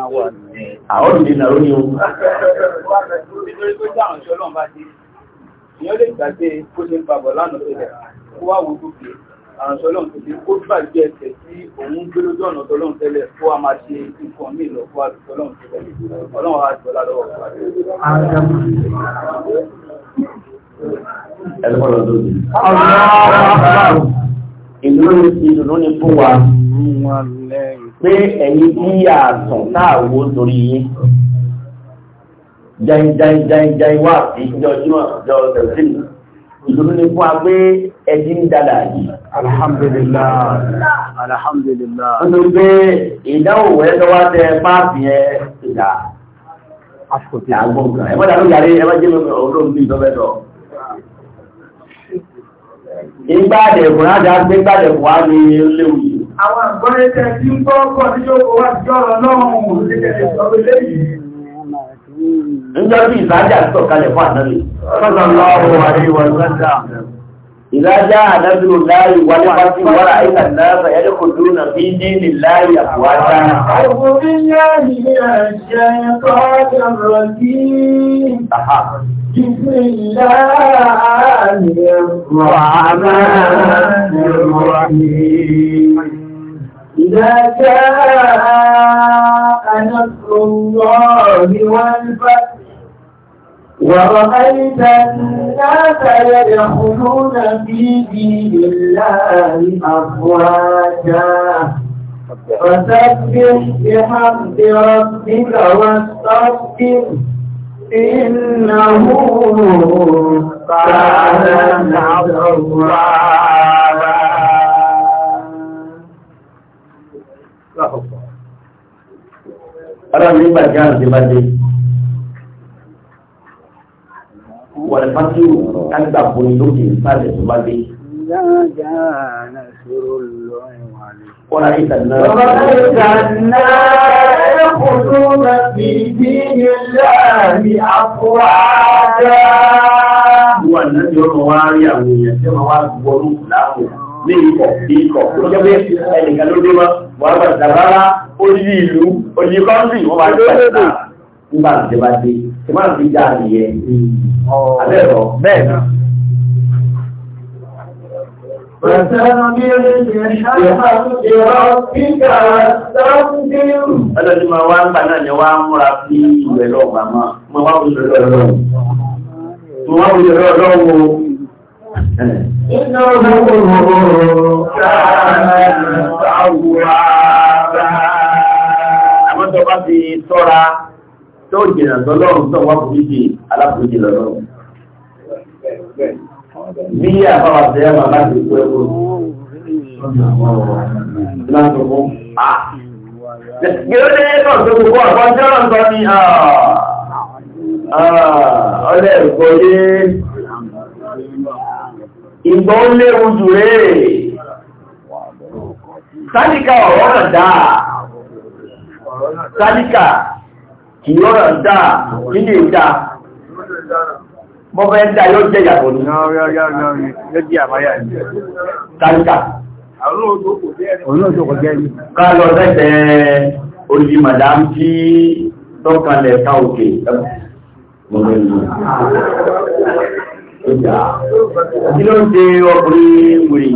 àwọn òdìdí nàró ní ohun nítorí pé dáhùn ṣọlọ́n bá dé ìyẹn kó ṣe ń pàbọ̀ àrùntọ́lọ́n tó ti kó gbàgbé ẹsẹ̀ tí òun gbé lójú ọ̀nà tọ́lọ́n tẹ́lẹ̀ tó a máa ṣe nǹkan mí lọ fún àrùntọ́lọ́n tẹ́lẹ̀ ọlọ́run á jọ lálọ́wọ́ ìlú ìdùnnú ni fún wa pé ẹ̀yin tí àtàn táàwó torí yín jẹun jẹun jẹun jẹun wà sí ìjọ ìjọ ìjọ ìjọ ìdúró ní fún agbé ẹjí ń dada yìí. alhamdulillah alhamdulillah. ó ló gbé ìdáwò wẹ́ lọ́wọ́ tẹ páàpì ẹ ìdá. àgbọ̀ngàn ẹ̀fọ́ dàrú ní léwu yìí. àwọn níjọ́ tí ìsájà sọ̀kalẹ̀ fún ànábì sallallahu alaihi wa sallam ìdájá àdájúrò láàrí wà ní pàtí wọ́ra ìkà náà yẹ́lẹ́ kò dúró nà bí ní ní láàrí àbúwájá. Àwọn إذا جاء نصر الله والفتح ورأيت الناس يدخلون في دين الله أفواجا فسبح بحمد ربك واستغفر إنه كان الله ọlọ́run nígbà tí àrùn ti bá dé wọ̀lẹ̀ fásitì àgbà bóni lókè ìsàlẹ̀ tó bá dé. Wọ́n ayé ìtànà. Wọ́n ayé ìtànà ẹ̀kùnú na fi bí ilẹ̀ ní àfúwádá. Wọ́n náà ti ọmọ wá rí àwọn èèyàn tí wọ́n wá gbọ́rú láàrùn ní ikọ̀, ikọ̀, tó jẹ́ pé ẹnìkan ló dé wá wọ́n lọ dàbára ó yí ìlú ó yí kọ́ńtì wọ́n máa jẹ́ ìta nígbà tí bá dé tí máa fi já nìyẹn abẹ́rọ bẹ́ẹ̀ náà. Ọlọ́dún máa wá ń gbà náà ni wá ń múra sí ìwẹ̀ lọ́gbàmọ́. Mo wá wùsùn lọ́dún. Mo wá wùsùn lọ́dún Iná olóró káàmì sáwùrá bá. Àwọn tó bá ti tọ́ra tó jìnà tọ́lọ́run tó wá kùrìjì alákùrìjì lọ́lọ́run. Bí àbáwà tẹ́ àmà láti pẹ́ kó. Láti kó. Gẹ́gẹ́ lẹ́yìn náà tó gbogbo àpájọ́ náà tọ́ ni ah, ah, ọ̀lẹ́ ìkọ́yé ìgbọ́n léwu jù rẹ̀ sáníkà ọ̀rọ̀ náà dáa sáníkà kì í ọ̀rọ̀ dáa nílé ìdá bọ́bẹ̀ ẹ̀dá yóò jẹ́ ìyàtọ̀ ní sáníkà ká lọ orí madam tí tọ́kalẹ̀ ká òkè ẹ̀kùn Kí ló ń ṣe ọkùnrin wèrè yìí?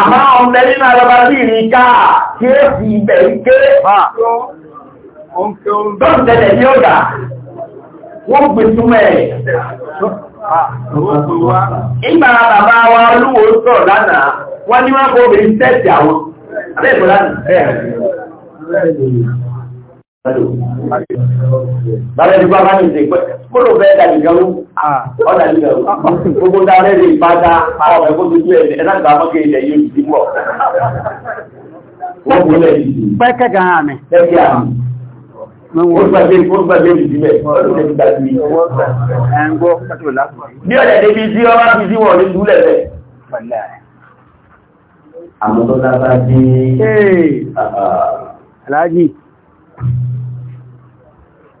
Àmá ọmọ nínú àrọba sí ìrìn káà kí ó fi ibẹ̀ ike. Tó ń tẹ̀lẹ̀ ní ọ̀dà, wọ́n gbé súnmọ́ ẹ̀. Ìgbà bàbá wa olúwo sọ̀ lánàá, wọ́n ní wọ́n kó obìnrin tẹ́ẹ̀tì àwọn. Abẹ́ ìbò Bàbá ìdúgbò bá ní ìsìnkú, kó ló fẹ́ dàbí gẹ̀rú, ọ̀dà ní gẹ̀rú. Gbogbo dáadé lè bá dá ara ọ̀fẹ́ kó tójú ẹ̀dẹ̀ ẹ̀dá ìgbà mọ́kẹ́ ilẹ̀ yóò ti pọ̀. Wọ́n kò lẹ̀ yìí. Pẹ́kẹ́ gan àmì. Pẹ́kẹ́ àmì. Ó gbàgbé ó gbàgbé ìdílé ọdún tẹ́lẹ̀ gbàgbé. Ẹ ń gbọ́ pẹ́tù láti. Bí ọ̀dẹ̀ débi tí ọba ti sí wọ̀n ní dúlẹ̀ bẹ̀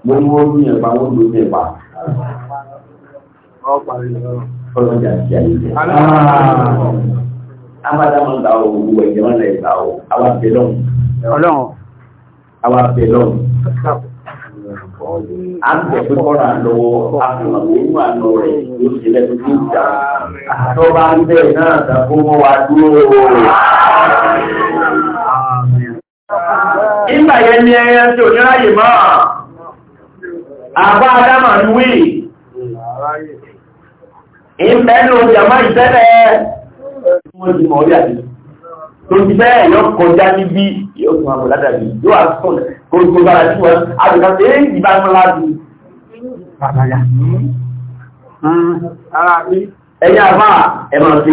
mo ní wọ́n ní ẹ̀bá wọ́n ló ní ẹ̀bá. Ọlọ́run jà sí ayé jẹ. Abájá ah! máa ń gbà ó gbogbo ẹ̀jẹ̀ wọn lè gbà ó. Àwa bẹ̀ lọ́hùn. Ọlọ́run. Àwa bẹ̀ lọ́hùn. A ń bẹ̀ pé kọ́ra lọ́wọ́ àfihàn nínú àná rẹ̀ ló ṣe lẹ́nu tó jà. Tó bá ń bẹ̀ náà dàgbó mọ́ wa dúró. Ìgbà yẹn ni ẹyẹ tí ò ní ráyè máa àbá adámà ń wí ìmẹ́lò jàmá ìtẹ́lẹ̀ tó ti bẹ́ẹ̀ yọ kọjá níbi yóò tún àbò ládàbí yóò àtúnṣe kòròkò bára tí wọ́n àbìkà tí èyí ìbá ń láti pàtàkì ah, ara pé ẹ̀yà bá ẹ̀mọ̀ tí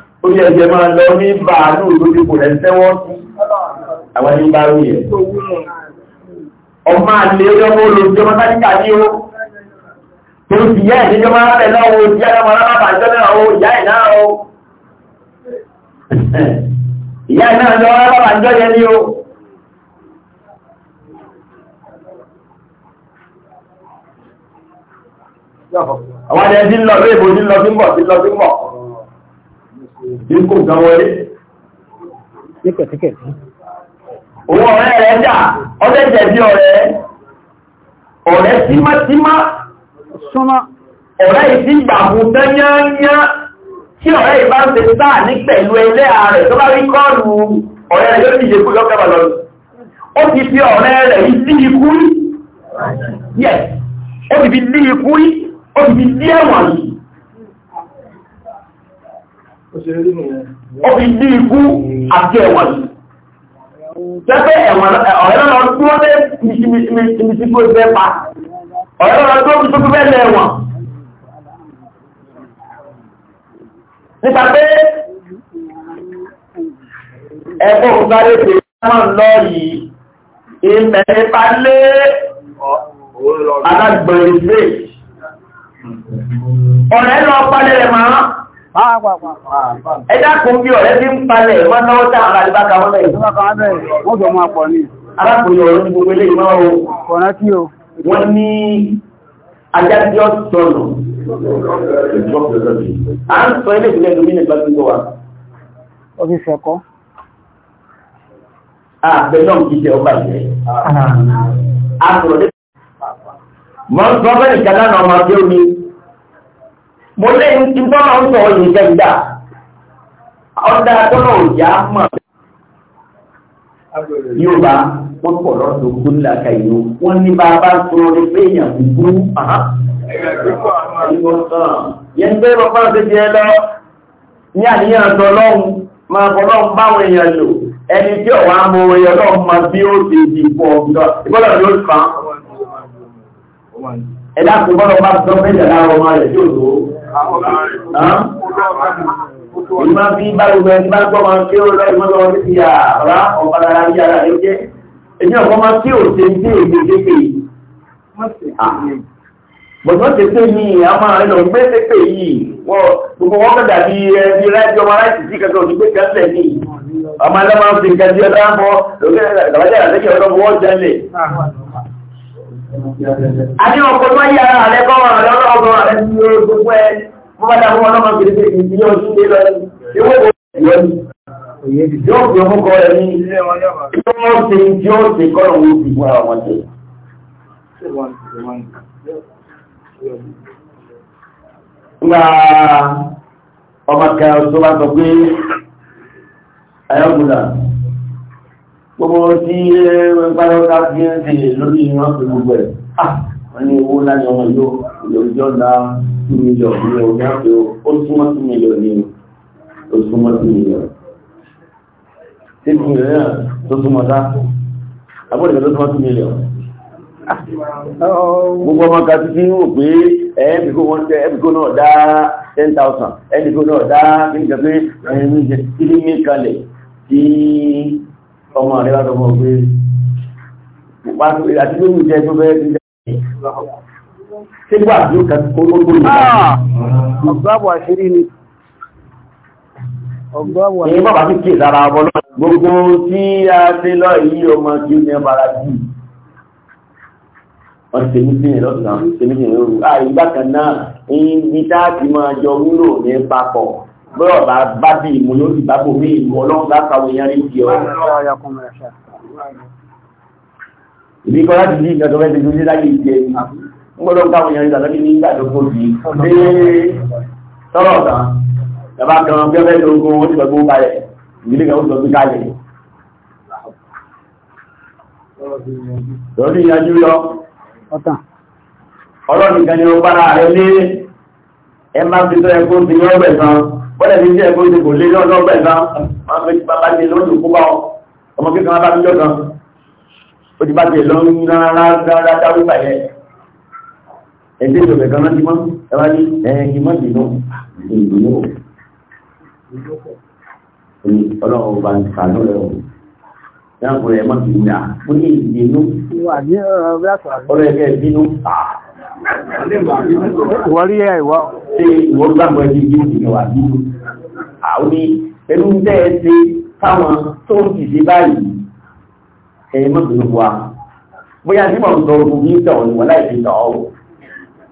ó yẹ ẹjẹ máa lọ ní bàánù lórí kò lẹ́sẹ̀wọ́ sí àwọn ní bá rí ẹ̀. ọmọ àlè ọmọ olùjọ máa ní kàní o tó sì yẹ ìdíjọ máa rẹ̀ lọ́wọ́ sí ẹlọ́mọ náà bàbá ìjọ náà o ìyá ẹ̀ náà o ìyá ẹ̀ náà lọ́wọ́ àwọn ẹni tí ń lọ bí èbò tí ń lọ bí ń bọ̀ tí ń lọ bí ń bọ̀ bí kò gan wọlé. ní kẹ̀tíkẹ̀tí. òun ọ̀rẹ́ rẹ̀ jà ọdẹ jẹ̀bi ọ̀rẹ́ ọ̀rẹ́ tímátímá súnmọ́ ọ̀rẹ́ ìdí ìgbàmù tẹ́yányá tí ọ̀rẹ́ ìbá ń ṣe sáà ní pẹ̀lú ẹlẹ́ ààrẹ tó bá rí kọ́ọ̀lù ọ̀rẹ́ rẹ̀ yóò dìde kú lọ́kẹ́ bàlọ́ ó ti fi ọ̀rẹ́ rẹ̀ sí ikú rí ó fi bí ikú àti ẹ̀wọ̀n yìí tẹ́fẹ́ ẹ̀wọ̀n ọ̀rẹ́ lọ tí wọ́n lé ibi tí kò fẹ́ pa ọ̀rẹ́ lọ tí ó fi tó fẹ́ lẹ ẹ̀wọ̀n nípa pé ẹ̀kọ́ òǹkárẹ́ pé wọ́n lọ yìí ìmẹ̀ nípa lé alágbèrè ọ̀rẹ́ lọ palẹ̀ rẹ̀ máa Ẹjá kún bí ọ̀rẹ́ bí ń palẹ̀ wọ́n náwó tá àwọn àdìbáka wọ́n lẹ́yìn. Wọ́n jọ máa pọ̀ ní. Arákùnrin ọ̀rọ̀ ní gbogbo ilé ìmọ̀ o. Kọ̀nà tí o. Wọ́n ní ajá tí ó sọnù. À ń sọ ilé ìpínlẹ̀ Domin nípa gbogbo wa. Ó fi ṣẹ̀kọ́. Àbẹ̀lọ́m ti jẹ ọba ìjẹ. Àbùrọ̀ dé. Mọ̀ ń sọ bẹ́ẹ̀ mo lé ìtọ́nà ń sọ òye jẹ́gbà ọ̀dà tọ́nà òjá mọ̀ Yorùbá wọ́n pọ̀ lọ́dọ̀ gbóńlá kàìlú wọ́n ní bá bá sọ̀rọ̀ ní pé èèyàn gbúrú yẹn pé bàbá ti di ẹ lọ ní àníyàn tọ́ lọ́hùn máa bọ́ lọ́hùn báwọn èèyàn lò ẹni tí ọ̀wá mọ oye ọlọ́run máa bí ó ti di pọ̀ ọ̀gbọ́n ìgbọ́dọ̀ ló kàn ẹ̀dá kò gbọ́dọ̀ bá sọ pé ọmọ rẹ̀ yóò lò Ìmá bí báyìí bẹ bá gbọ́ máa kí ó lọ ìmọ́ lọ sí ti àrá ọ̀pá lára ní ara ló jẹ́. Èmi ọ̀pọ̀ máa kí ò ṣe dé èdè pépè. Bọ̀dọ̀ ṣe pé mi a máa rẹ̀ lọ gbé pépè yìí. Gbogbo wọn kọ̀ dàbí ẹni láti ọmọ aláìsí sí kankan òní pé kẹ́sẹ̀ ní. àti ọ̀pọ̀ tó yí ara rẹ̀ kọ́ ọ̀rọ̀ lọ́nà ọgbọ̀n rẹ̀ ti gbogbo ẹ̀ wọ́n bá dàbọ̀ ọlọ́mọ lọ ní ewé gbogbo tí pàlọ́ta bí ń ṣe lórí ìran pẹ̀lú gbogbo ẹ̀ wọ́n ní owó láti ọmọ yóò lójọ́ na 2 million ní ọjọ́ pé ó súnmọ́ 2 million ní ó súnmọ́ 2 million tí kí ní náà tó súnmọ́ sá agbọ́dẹ̀ tó súnmọ́ 2 million gbogbo ọmọ kan títí ń rò pé ẹ̀ẹ́bìkó wọ́n tẹ ẹ̀ẹ́bìkó náà dá 10,000 ẹ̀ẹ́bìkó náà dá kí ní kẹfẹ́ ẹ̀ẹ́bìkó náà dá kí ní kẹfẹ́ ọmọ rẹ̀ wá tọmọ pé àti ló ń jẹ tó fẹ́ ti jẹ́ sígbà ló kà olóògbò ìgbà ọgbàbọ̀ ah! àṣírí ni ọgbàbọ̀ àṣírí ni bàbá ti lára ọmọ gbogbo tí a ti lọ yìí ọmọ kí ní ọbára jù ọ̀sẹ̀ ní sí ìlọ́sàn ọ̀sẹ̀ ní sí ìlọ́sàn àìgbà ah, kan ti máa jọ wúlò ní papọ̀ bóyá ọba bá bí ìmú yóò sì bá bò mí ìmú ọlọ́run bá kàwé yẹn rí ìdí ọ. ìbí kan láti ní ìgbàgbọ́ ẹni tó ní láyé ìdí ẹni ń gbọ́dọ̀ kàwé yẹn rí ìdàgbẹ́ ní ìgbàdógún sí i. sọ̀rọ̀ kan bàbá kan bí ọbẹ̀ lógún ó ti gbàgbó balẹ̀ ìdílé kan ó sọ pé kalẹ̀. lọ́dún ìyanjú yọ ọlọ́run nìkan ni ó bára rẹ lé ẹ máa fi tó ti yọ ọgbẹ̀ kan bọ́lẹ̀ ní jẹ́ ẹgbẹ́ òṣèkò lé lọ́dọ́gbẹ̀ náà máa ń jẹ lọ́dún kó bá ọmọ kékeré bá mi jọ kan ó ti bá jẹ lọ ah, ọlọ́run bá ń sàánú rẹ̀ o yàgò rẹ̀ mọ́ ti yà ó ní ìbínú ọ̀rọ̀ ẹ̀kẹ́ ìbínú ah. wọ́n rí ẹ̀ ìwọ́ ṣe ìwọ́n gbàgbọ́ ẹni bí ìwà àwí pẹ̀lú tẹ́ ẹ ṣe fáwọn tó ń ti ṣe báyìí ẹ̀yìn mọ́tòlù wa bóyá tí wọ́n sọ ogun yìí tọ̀ ní láì fi tọ̀ ọ́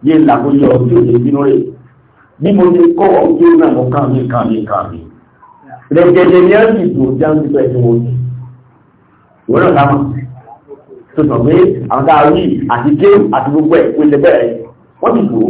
yé làkójọ tí ò lè bínú rẹ̀ bí mo ti kọ́ ọ́ kí ó náà mọ́ kàn mí kàn mí kàn mí rẹ̀gẹ̀dẹ̀ ni ó sì dùn jáde pẹ̀lú wọn ni náà dámọ̀ tó sọ pé àwọn tá a rí àti géèmù àti gbogbo ẹ̀ pé ṣe wọ́n ti dùn ó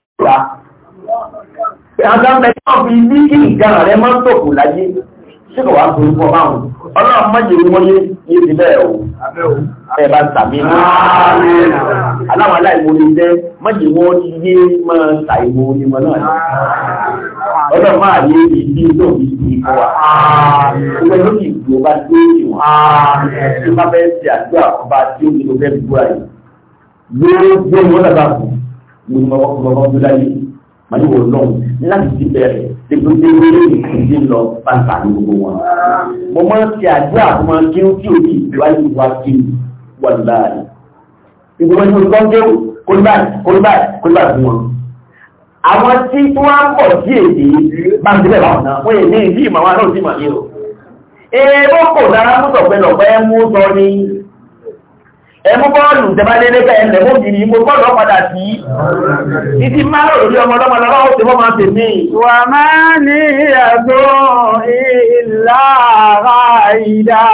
ra àgbàmẹ́tọ́ fi bí kí ìgbàrà rẹ máa ń tòkù láyé síkò wá fún ìfọ́ máa ọlọ́run mọ́jì ní wọ́n yé yé ti bẹ́ẹ̀ o ẹ bá tàbí ní aláwọ̀ aláìmọ́lé jẹ́ mọ́jì wọ́n yé máa ṣàìmọ́ ní wọn náà ọlọ́run máa yé ibi tó fi ti ìfọ́ wa ọgbẹ́ ló kì í gbó bá dé ìwọ̀n tí wọ́n bá fẹ́ ṣe àdúrà ọba tí ó ní ló fẹ́ búra yìí gbogbo ìwọ́n náà bá gbogbo ọdún láyé màá yóò lọ láti ti bẹ̀rẹ̀ tètè tẹ wọlé ìdíje lọ bàtà ní gbogbo wọn. mo máa ń ṣe àdúrà mo máa ń kí ó kí ó di ìwádìí wa kí wà láàyè. ìgbìmọ̀ ìṣòro tó ń dé kólíbàì kólíbàì kólíbàì fún wọn. àwọn tí a á pọ̀ sí èdè bá ń débẹ̀ báwọn náà wọ́n yẹ ní ìdí ìmọ̀ àwọn náà ti mọ̀ ní o. èèmọ̀ kò dára mú sọ̀pẹ́ lọ̀pẹ́ mú sọ ní ẹmú bọ́ọ̀lù ìjọba lé lẹ́gbẹ̀ẹ́ ẹ̀lẹ̀ mọ́bìnrin yìí mo bọ́ọ̀lù ọ̀padà sí ìdí máa rò lórí ọmọ ọlọ́mọ lọ́wọ́ ó ti mọ́ máa tèmi. wà máa ní ẹ̀dọ́ ìlà àìdá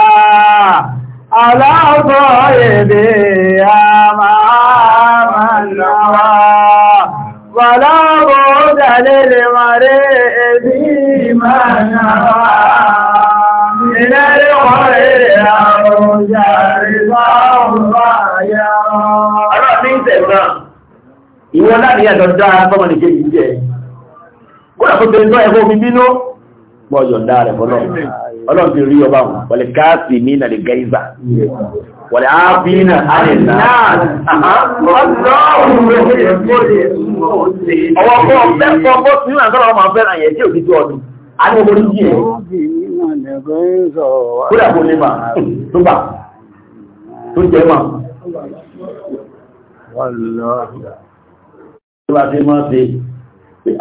aláàbọ̀ èdè àmàmàlàwà wàlábọ̀ ó من الخير أرجى رضاه رايا Ọlọ́run ní ìtẹ̀gbọ́n, ìwọ láti yàtọ̀ dáa fọ́mọ̀ ní ṣe ìjẹ́. Kúrò fún tẹ́lẹ̀ ẹ̀kọ́ omi bínú, pọ̀ yọ̀ndá rẹ̀ fọ́lọ́. Ọlọ́run ti rí ọba wọn, wọlé káàfì ní ìnà lè gẹ́ìzà. Wọlé áàfì ní àrẹ̀nà. Ọwọ́ fún ọ̀fẹ́ fọ́ a ní orí yìí ẹ̀ kódà kó lè mà tó bà tó jẹ́ mà tó bá ṣe máa ṣe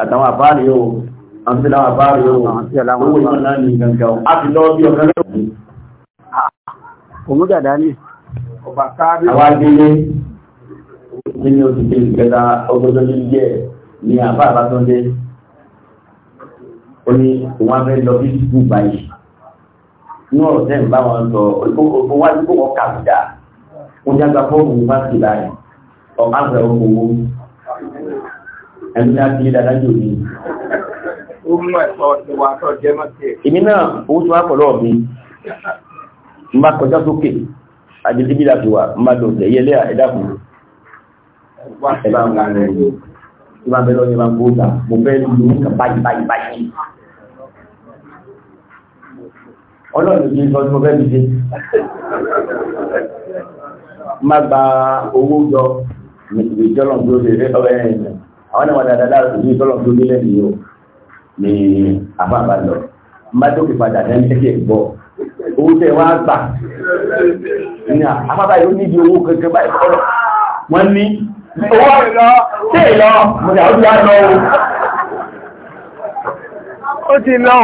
àtàwọn àbáàrí o àti àwọn àbáàrí o owó ìmọ̀ náà ní gangan a ti lọ bí ọ̀gá rẹ̀ òmúdàdá ní ọba káàdì àwọn adélé nínú oṣù kejì kẹta ọgbọ́dọ́ ní jẹ́ ní àbá àbátúndé ó ní òun á fẹ́ lọ bí sùkúù báyìí inú ọ̀rọ̀ tẹ́ ń bá wọn sọ òkú wá sí kó wọ́n kà kú dáa wọ́n já gba fọ́ọ̀mù wá sí báyìí ọ̀pá fẹ́ okòwò ẹni náà kílé dáadáa yóò ní. ó mú ẹ̀sọ́ ìwà àtọ̀ jẹ́ mọ́tì. èmi náà owó tí wàá pọ̀ lọ́ọ̀ mi n bá kọjá sókè àjẹsí bí láti wà n bá dùn lẹ̀ yẹlé ẹ̀dá kù. ẹ bá ń ga rẹ̀ ní ìbá bẹ́ẹ̀ lọ́ọ́ ní ìbá ń kó ta mo fẹ́ lu nǹkan báyìí báyìí báyìí ọlọ́run ti sọ tí mo fẹ́ fi ṣe má gba owó jọ ìjọlọ̀ tó lè rẹ́ ọ̀rẹ́ ẹ̀yìn àwọn náà wà dáadáa ìlú ìjọlọ̀ tó lè lẹ́yìn yìí o ní àbábà lọ má tó fi padà ní ẹ̀kẹ́ gbọ́ owó tẹ̀ wá gbà ní àbábà yóò níbi owó kankan báyìí kọ́lọ̀ wọ́n ní owó tẹ̀ lọ mo ní àwọn ìlú àlọ́ o ó ti lọ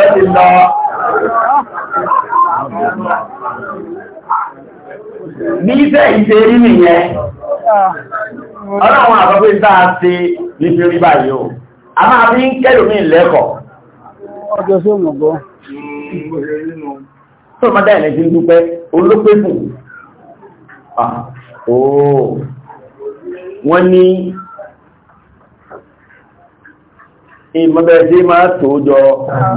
o ti lọ. Ní iṣẹ́ ìṣe rí nìyẹn, ah. ọlọ́run àkọ́kọ́ ìta ṣe ní fi rí báyìí o. A máa fi ń kẹ́lò mí lẹ́kọ̀ọ́. Ọjọ́ sí òmùgbọ́. Tó máa dáyẹ̀ lẹ́jì ń dúpẹ́, olópẹ́ fún. Ah, máa tó jọ. Ah.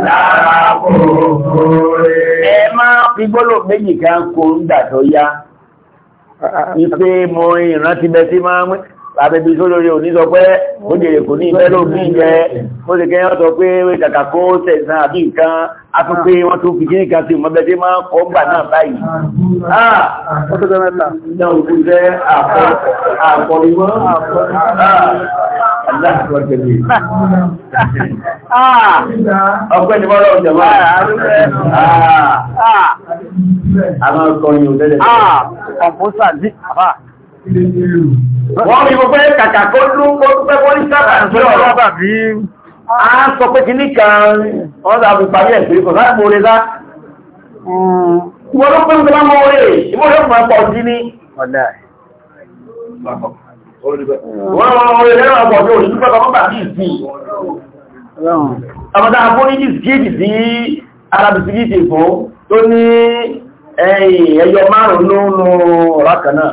lára kòkòrò rẹ̀. Ẹ máa fi gbọ́lọ̀ méjì kan kò ń dàtọ̀ ya. Ipe mo ìrántí bẹ sí máa ń abẹ́bí sólórí òní sọ pé ó dèrè kò ní ìfẹ́ lóògbé jẹ́ ó sì kẹ́yàn sọ pé wé kàkà kó tẹ̀sán àbí nǹkan a tún pé wọ́n tún fi kíníkà sí ìmọ̀bẹ́dé máa kọ́ gbà náà báyìí Ọgbẹ́ni mọ́rọ̀ ọjọ́mọ́. Àwọn ọkọ̀ yìí ò tẹ́lẹ̀. Kọ̀pọ̀sà dí. Wọ́n rí gbogbo kàkà kó lú kó pẹ́ wọ́n ní sábà ń sọ́rọ̀ rọ́bà bí a sọ pé kì ní kan ọ́dá bí parí ẹ̀sùn ikọ̀ láti mọ̀ orẹ́lá. Wọ́n ló pẹ́ ń gbọ́n mọ́ orẹ́ ìmọ̀ yóò máa pọ̀ sí ní. Wọ́n lọ orẹ́ lẹ́rọ ọgbọ̀ bí òṣìṣẹ́ pẹ́ kọ́kọ́ bàbí ìsìn. Ọmọdé abúrídì síkèjì sí arábìsíkèjì fún tó ní ẹyọ márùn-ún lónú ọ̀rá kan náà.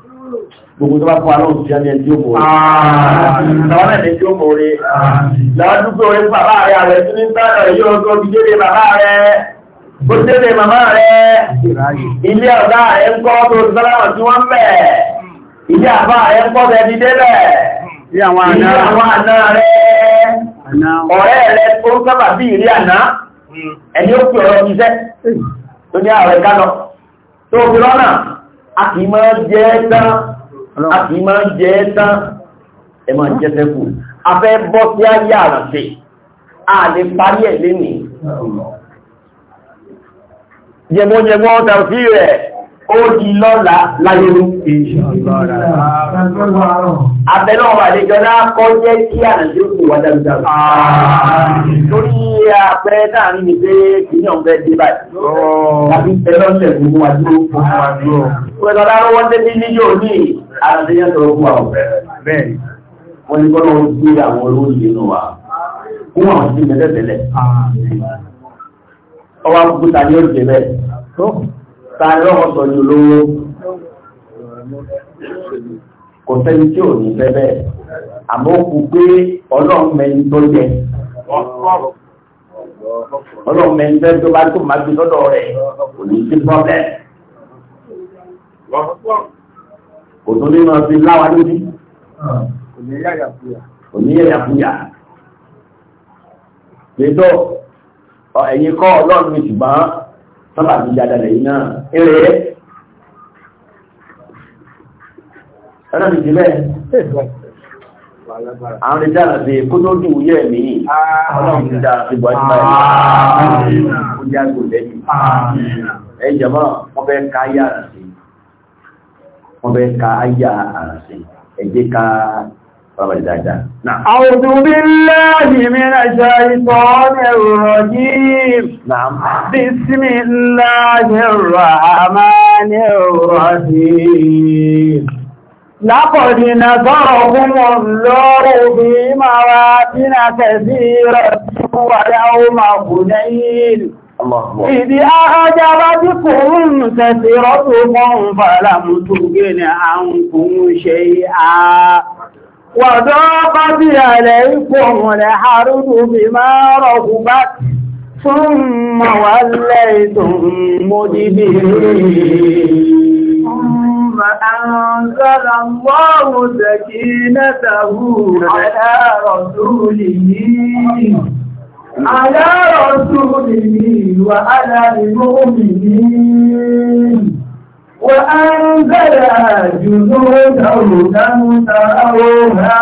gbogbo tó bá fún aláwọ̀ tó jẹ́ ẹni tí ó mọ̀ rẹ̀ láwọn ẹni tí ó mọ̀ rẹ̀ láwọn dúpẹ́ orí fún bàbá rẹ̀ rẹ̀ tó ní sáàrẹ̀ rẹ̀ yóò tó gbígbére bàbá rẹ̀ ó tẹ́lẹ̀ màmá rẹ̀ ilé ọ̀gá rẹ̀ ń kọ́ tó sọ́lọ́wọ̀ tí wọ́n bẹ̀ hmm. ilé àbá rẹ̀ ń kọ́ bẹ̀ dídé bẹ̀ hmm. ilé àwọn àná rẹ̀ ọ̀rẹ́ rẹ̀ tó ń sábà bí ilé àná hmm. ẹni ó a kì máa jẹ́ tán a kì máa jẹ́ tán ẹ máa jẹ́ sẹ́kù a fẹ́ bọ́ sí ayé àrànṣe a lè parí ẹ̀ lénìí jẹmọ́jẹmọ́ tàbí rẹ̀ ó di lọ́la láyé ní abẹ́lọ́ àlejò náà kọ́ jẹ́ kí àrẹ̀sí òkú wà dáadáa lórí àpẹ́ náà ní ní pé kìíní ọ̀fẹ́ dé báyìí tàbí ẹlọ́sẹ̀ gbogbo wà dúró pẹ̀lú ọlọ́wọ́ tẹ́bí ní yóò ní àrẹ̀sí yẹn tọrọ fún àwọn bẹ́ẹ̀ wọ́n ní kọ́nà ó gbé àwọn olóyè nù wa fún àwọn sí mẹ́tẹ̀ẹ̀tẹ̀lẹ̀ ọwọ́ àkókò ó jẹ bẹ́ẹ̀ ta lọ́wọ́ sọ jù lówó kò sẹ́ni tí ò ní bẹ́bẹ́ àmọ́ kù pé ọlọ́mẹni tó jẹ ọlọ́mẹni tó tó bá tó máa gbé lọ́dọ̀ rẹ̀ kò ní sí pọ́blẹ̀ kò tó nínú ọtí láwa lórí kò ní yẹ̀yà fúyà gbẹ́dọ̀ ẹ̀yìn kọ́ ọlọ́run ṣùgbọ́n sábà ní dáadáa lẹ́yìn náà eré ẹ̀rọ mi jẹ́ bẹ́ẹ̀ àwọn lè dára sí kó tó dùn yẹ́ mi ọlọ́run ti dára sí gbọ́jú báyìí ó jẹ́ àgbò lẹ́yìn ẹ̀jẹ̀ mọ́ wọ́n fẹ́ ká أعوذ بالله من الشيطان الرجيم نعم بسم الله الرحمن الرحيم لقد نصركم الله في مواتن كثيرة ويوم حنين إذ أعجبتكم كثيرتكم فلم تغن عنكم شيئا وضاقت عليكم الحرب بما رهبت ثم وليتم مدبرين ثم أنزل الله سكينته على رسوله على رسوله وعلى المؤمنين وأنزل جنوده لم تروها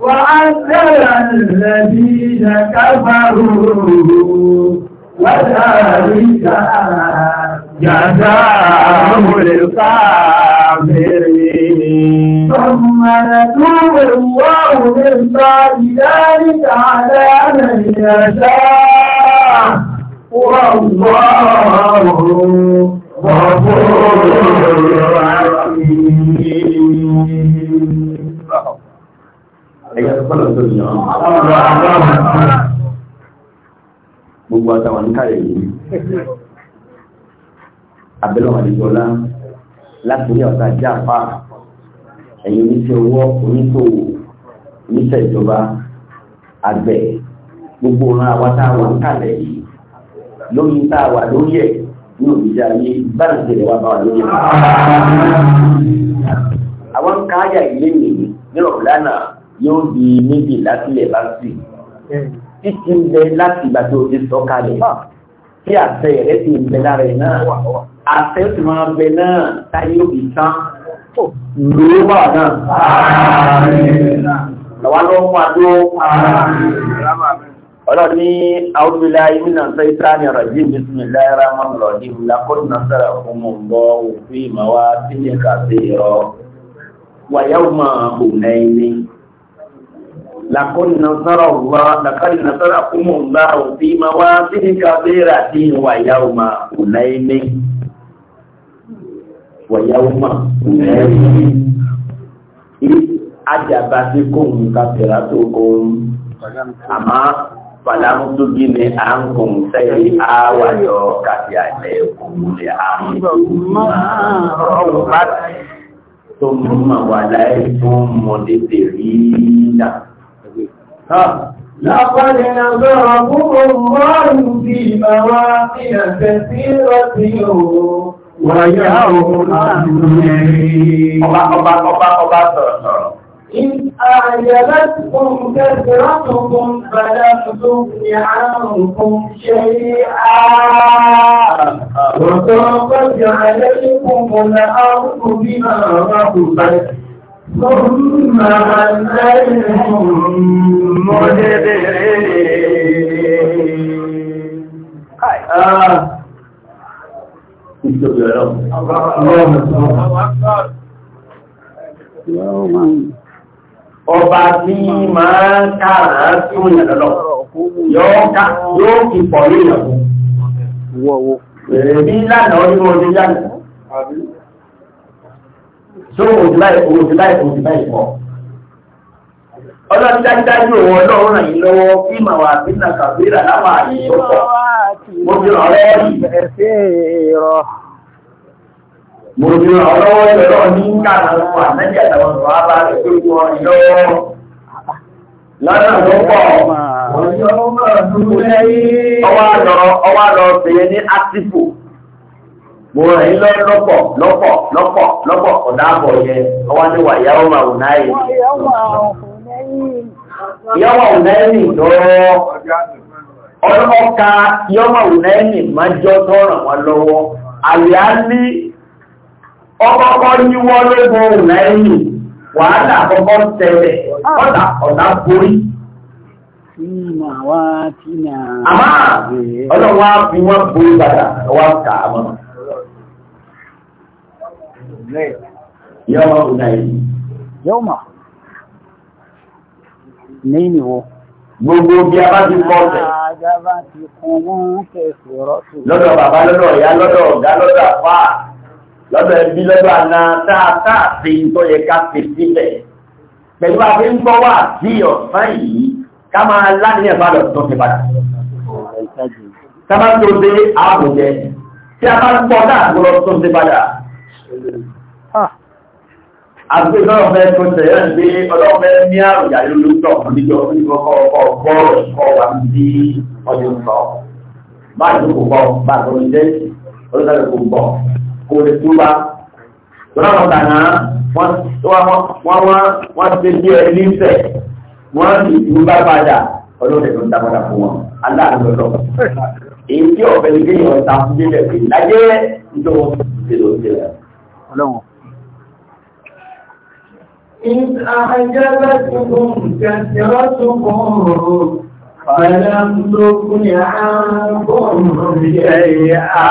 وعذب الذين كفروا وذلك جزاء للكافرين ثم يتوب الله من بعد ذلك على من يشاء والله Gbogbo àtàwọn ní káyẹ̀ yìí, àbẹ́lọ́wà ìjọlá láti ní ọ̀tá jáfà, ẹ̀yìn oníṣẹ́ owó onítòwò, oníṣẹ́ ìjọba, àgbẹ̀, gbogbo ọ̀rọ̀ àwọn àtàwọn ní káyẹ̀ yìí, lórí ìtàwà lórí ẹ̀ ní òbíjà ayé báyìí tẹ̀lé wá bá wà lórí ẹ̀. àwọn káyà ilé nìyí nírọ̀ lánà yóò di méjì látílẹ̀ bá sí títí ń bẹ láti ìgbà tó ti sọ kalẹ̀ tí àtẹ rẹ̀ ti ń bẹ lára ẹ̀ náà àtẹ tó máa bẹ náà táyé òbí tán lówó bá wà náà. làwọn lọ́wọ́ máa dó ọlọ́run ní àwùjọlá ìmìnà sẹ́tàní rajim bisimilayi rahman rahim lakọ́nù nasara fún un bọ́ òfin ìmọ̀wá sílẹ̀ kàṣẹ rọ wàyáwó máa hù lẹ́yìn lakọ́nù nasara wà lakọ́nù nasara fún un bá òfin ìmọ̀wá sílẹ̀ kàṣẹ rà sí wàyáwó máa hù lẹ́yìn wàyáwó máa hù lẹ́yìn ajabasi kóhun kàṣẹ rà tó kóhun àmọ́. Fàlámù tó bí ní à ń kùn sẹ́yìn àwàyọ̀ kàfí àlẹ́ òkúlẹ̀ àrùn ọ̀rọ̀ bá tó mú mà wà láì fún mọ̀lẹ́dẹ̀ rí nà. لقد نظركم الله في ọba ọba ọba ọba sọ̀rọ̀ إن أعجبتكم كثرتكم فلم تغن عنكم شيئا وضاقت عليكم الأرض بما رحبت ثم أنتم مدبرين آه. الله أكبر يوما ọba tí máa ń kára tí ó yàn lọ́lọ́ yóò kí pọ̀ ní ìyàwó èrí lánàá orí orí yánà tó òjìláì òjìláì pọ̀ ọlọ́run dájúdájú òun ọlọ́run ràn yín lọ́wọ́ kí màá wà bí nàkàbírà láwọn mo ti ràn ọ́ lọ́wọ́ ìrọ̀lọ́ ní kàrà fún àtẹ́jẹ́ àtàwọn ọ̀rọ̀ àbá rẹ̀ pé kú ọ ìlọ́wọ́ lọ́nà tó pọ̀ ọwọ́ àlọ́ bẹ̀rẹ̀ ní átìfò mo ràn yín lọ lọ́pọ̀ lọ́pọ̀ lọ́pọ̀ lọ́pọ̀ ọ̀dàbọ̀ yẹn ọwọ́ ní wà ìyàwó máa wù náà yìí. ìyàwó àwọn náà yìí lọ́wọ́ ọlọ́ka ìyàwó àwọn náà yìí máa jọ tọ́ràn wọn lọ́wọ́ àyà ní ọkọ̀kọ́ yíwọ́ lébò lẹ́yìn wàhálà àkọ́kọ́ tẹ̀lẹ̀ ọ̀dà ọ̀dà borí. Àmá ọlọ́wọ́ fi wọ́n borí padà wá kà á mọ́. Yọ́mọ̀ ọ̀nà yìí. ní Gbogbo bí a bá ti kọ́ ọ̀tẹ̀. Lọ́dọ̀ bàbá lọ́dọ̀ ìyá lọ́dọ̀ lọ́dọ̀ ẹbí lọ́dọ̀ àna táàtáà fi ń tọ́ yẹ ká fi sílẹ̀ pẹ̀lú àfi ń bọ́ wà sí ọ̀sán yìí ká máa láàrin ẹ̀fà lọ tó ti padà sábà tó dé ààbò jẹ tí a bá ń pọ̀ dáàbò lọ tó ti padà àti ọlọ́fẹ́ tó tẹ̀yẹ́ ń gbé ọlọ́fẹ́ ní àrùn yàrá kò bọ́ báyìí kò jẹ́ olóòtọ̀ kò bọ́ kò lè túbà lọ́nà wọn kà náà wọ́n wọ́n wọ́n ti di ẹ nífẹ̀ wọ́n ti túbà padà ọlọ́run ẹ̀dùn dápadà fún wọn aláàánú lọ́wọ́ èyí tí ọ̀fẹ́ ní kéèyàn ta fún délẹ̀ pé lájẹ́ nítorí wọn ti lò ó délẹ̀. إن أعجبتكم كثرتكم فلم تكن عنكم شيئا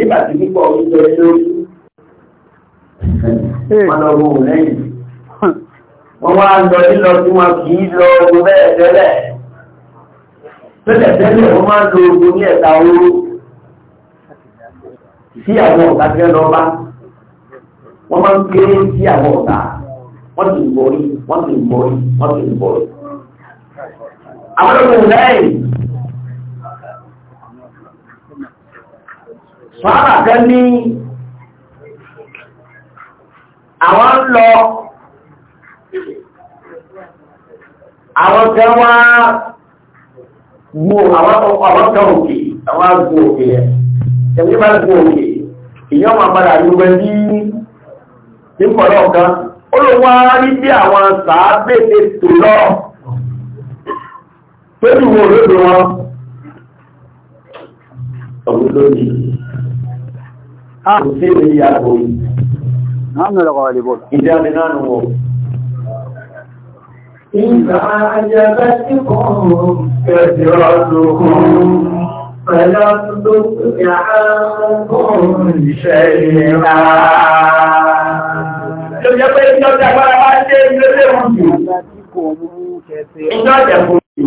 nígbà tí pípọ̀ oúnjẹ lórí wọn lọ wọ òun lẹ́yìn wọ́n wá lọ lílọ tí wọ́n kì í lọ ogun bẹ́ẹ̀ tẹ́lẹ̀ tẹ́lẹ̀ tẹ́lẹ̀ wọ́n máa ń lo ogun ní ẹ̀ta oró sí àwọn ọ̀tá tẹ́ lọ bá wọ́n máa ń kéré sí àwọn ọ̀tá wọ́n ti ń borí wọ́n ti ń borí wọ́n ti ń borí. àwọn ọmọ lẹ́yìn sọ́nà kan ní àwọn ń lọ àwọn kan wá gbò àwọn kan òkè àwọn agbò òkè ẹ̀ ẹ̀mí máa gbò òkè èyàn máa padà lúgbẹ́ ní ìpọ̀lọ̀ kan ó ló wá rí bí àwọn sàábèdè tó lọ pẹ̀lú wo lóde wọn ọ̀gbìn ah sai da ya koyi nanu da kawai bo idan da nanu wo in ka ajabatikum kadiratukum فلم تطع عنكم شيئا ló jẹ́ pé ìjọ́jà bára bá ṣe ń lé lé wọn jù ìjọ́jà fún jù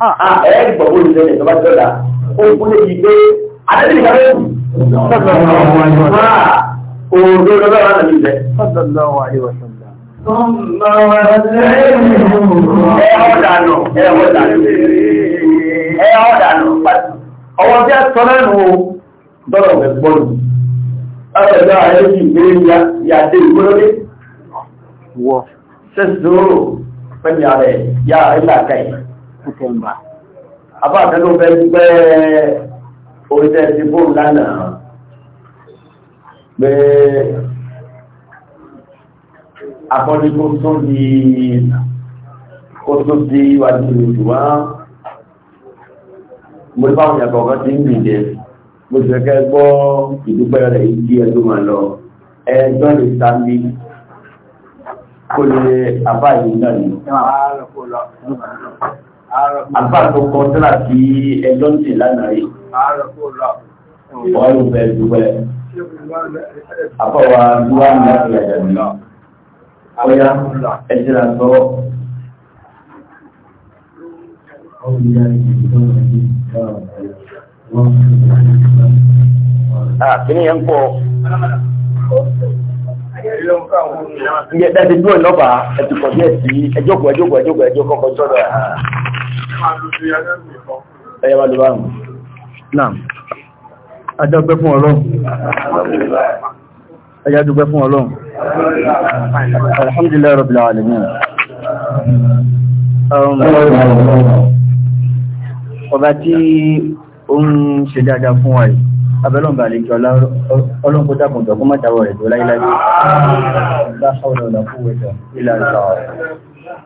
Ah, ah, ẹ̀ẹ́dìgbọ̀ ó lè lẹ́yìn ìjọba jọ́dá ó kú lè yí pé adébìnrin kan lẹ́kùn òòrùn lọ́dọ̀ wà nàbí ilẹ̀. Ọwọ́ tí a sọ lẹ́nu o, dọ́rọ̀ rẹ̀ gbọ́nù. Ọjọ́ ààrẹ yìí gbé yàdé ìgbólódé. Wọ́. Ṣé sọ́rọ̀ pẹ̀lú ààrẹ yà ilẹ̀ àkáyì september abá àtẹ́lò fẹ́ gbẹ́ oríṣẹ́ ti bóòrùn lánàá pé akọ́ni kó tún di kó tún di wájú ìlú wá mo ní báwọn ìyàtọ̀ kan ti ń dìde mo sì fẹ́ gbọ́ ìdúpẹ́ rẹ̀ ìdí ẹjọ́ máa lọ ẹjọ́ lè sá mi kó lè abá náà ni àbá tó kọ sílà sí ẹjọ́ ń tè lánàá yìí wọ́n yóò bẹ̀rẹ̀ dúpẹ́ àbáwá dúwà ní ìyàjà mi ọ̀yá ẹ̀jẹ̀ là sọ. Ah, kini yang po. Ìyẹ́ dáadé dúró lọ́bà ẹ̀tùkọ̀ díẹ̀ sí ẹjọ́kọ̀ ẹjọ́kọ̀ ẹjọ́kọ̀ ẹjọ́kọ̀ kọjọ́ sọ́dọ̀ ẹ̀. Ẹyẹ máa lò bá mú. Náà, adágbẹ́ fún ọlọ́run. Ẹjá dúgbẹ́ fún ọlọ́run. Alhamdulillah Rabbil Alamin. Um, ọba tí ó ń ṣe dáadáa fún wa yìí abẹ́lọ́mbà àlejò ọlọ́nkójákùnjọ kó mọ́tàwọ̀ rẹ̀ tó láíláí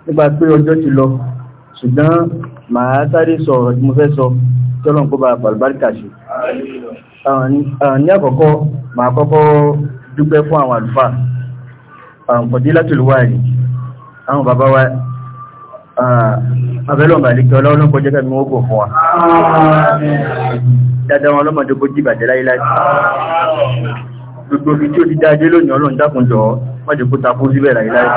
nígbà pé ọjọ́ ti lọ ṣùgbọ́n màá sáré sọ ọ̀rọ̀ tí mo fẹ́ sọ tí ọlọ́nkó bá pàlùbáríkà ṣe ní àkọ́kọ́ màá kọ́kọ́ dúpẹ́ fún àwọn àlùfáà àwọn bàbá wa Ah, abẹ́lọ́ màlìkẹ́ ọlọ́run kọjá kẹ́mi wọ́n kò fún wa dada wọn lọ́mọdé kó jìbàjẹ́ láyé láti gbogbo fi tí ó ti dáadé lónìí ọlọ́run dákùnjọ mọ́jẹ̀ kó takú síbẹ̀ láyé láti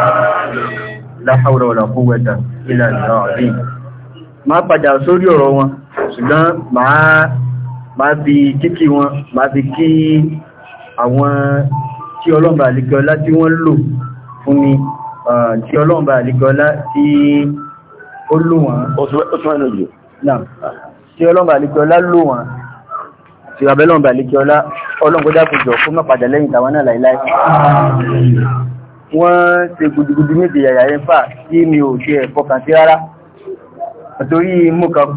la hawla wala quwwata illa billah máa padà sórí ọ̀rọ̀ wọn ṣùgbọ́n máa fi kíkí wọn máa fi kí àwọn tí ọlọ́mbà àlìkọ́lá tí wọ́n lò fún mi ah, tí ọlọ́mbà àlìkọ́lá tí ó lò wọ́n. ó tún ẹnu jù. tí ọlọ́mọ àlejò ọlá lò wọ́n tí abẹ́lọ́mọ àlejò ọlá ọlọ́mọdé àkójọ kó má padà lẹ́yìn tàwọn náà láìláì. wọ́n ṣe gudugudu méje yàyà yẹn fà tí mi ò ṣe ẹ̀fọ́ kan sí rárá. nítorí mo kàn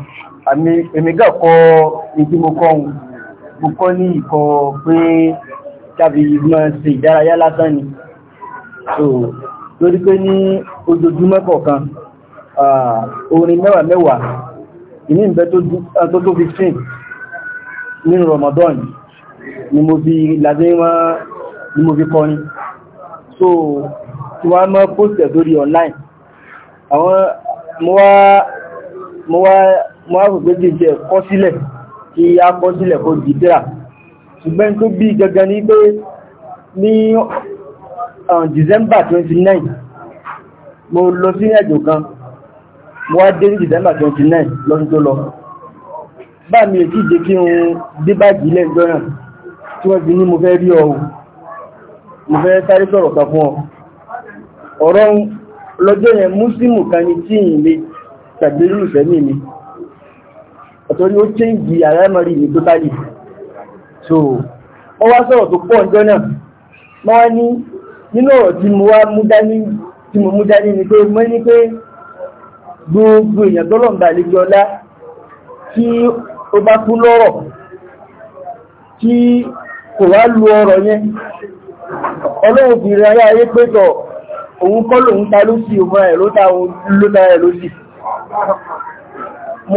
àmì èmi gà kọ́ Ah, orin mẹ́wàá mẹ́wàá ìní ìbẹ́ tó ah, tó 15 nínú Ramadan ni mo fi làdé wọn ni mo fi kọrin so tí wọ́n mọ́ pósẹ̀ lórí online àwọn mo wá mo wá mo wá rò pé jíjẹ kọ́ sílẹ̀ kí a kọ́ sílẹ̀ kó jìdíra ṣùgbọ́n tó bí gangan ní pé ní ah, December 29 mo lọ sí ẹ̀jọ̀ kan wá dé ní December 29 lọ́dún tó lọ bá mi èkí jẹ́ kí n dé bájì ilẹ̀ ìjọ náà tí wọ́n ti ní mo fẹ́ rí ọ mo fẹ́ sáré sọ̀rọ̀ kan fún ọ ọ̀rọ̀ lọ́jọ́ yẹn múslímù kan ní tí ì lè tàbí lùsẹ́ ni ọ̀tọ́rí ó so ó wá sọ̀rọ̀ tó pọ̀ ọjọ́ náà máa ní nínú ọ̀rọ̀ tí mo mú dání ni pé mo ní pé gbogbo èèyàn tọ́lọ̀mbà àlejò ọlá tí ó bá kú lọ́rọ̀ tí kò wá lu ọ̀rọ̀ yẹn ọlọ́run fi rẹ̀ ayé ayé pẹ́tọ̀ òun kọ́ lòun ta ló sí ọmọ ẹ̀ lóta lóta ẹ̀ ló sí mo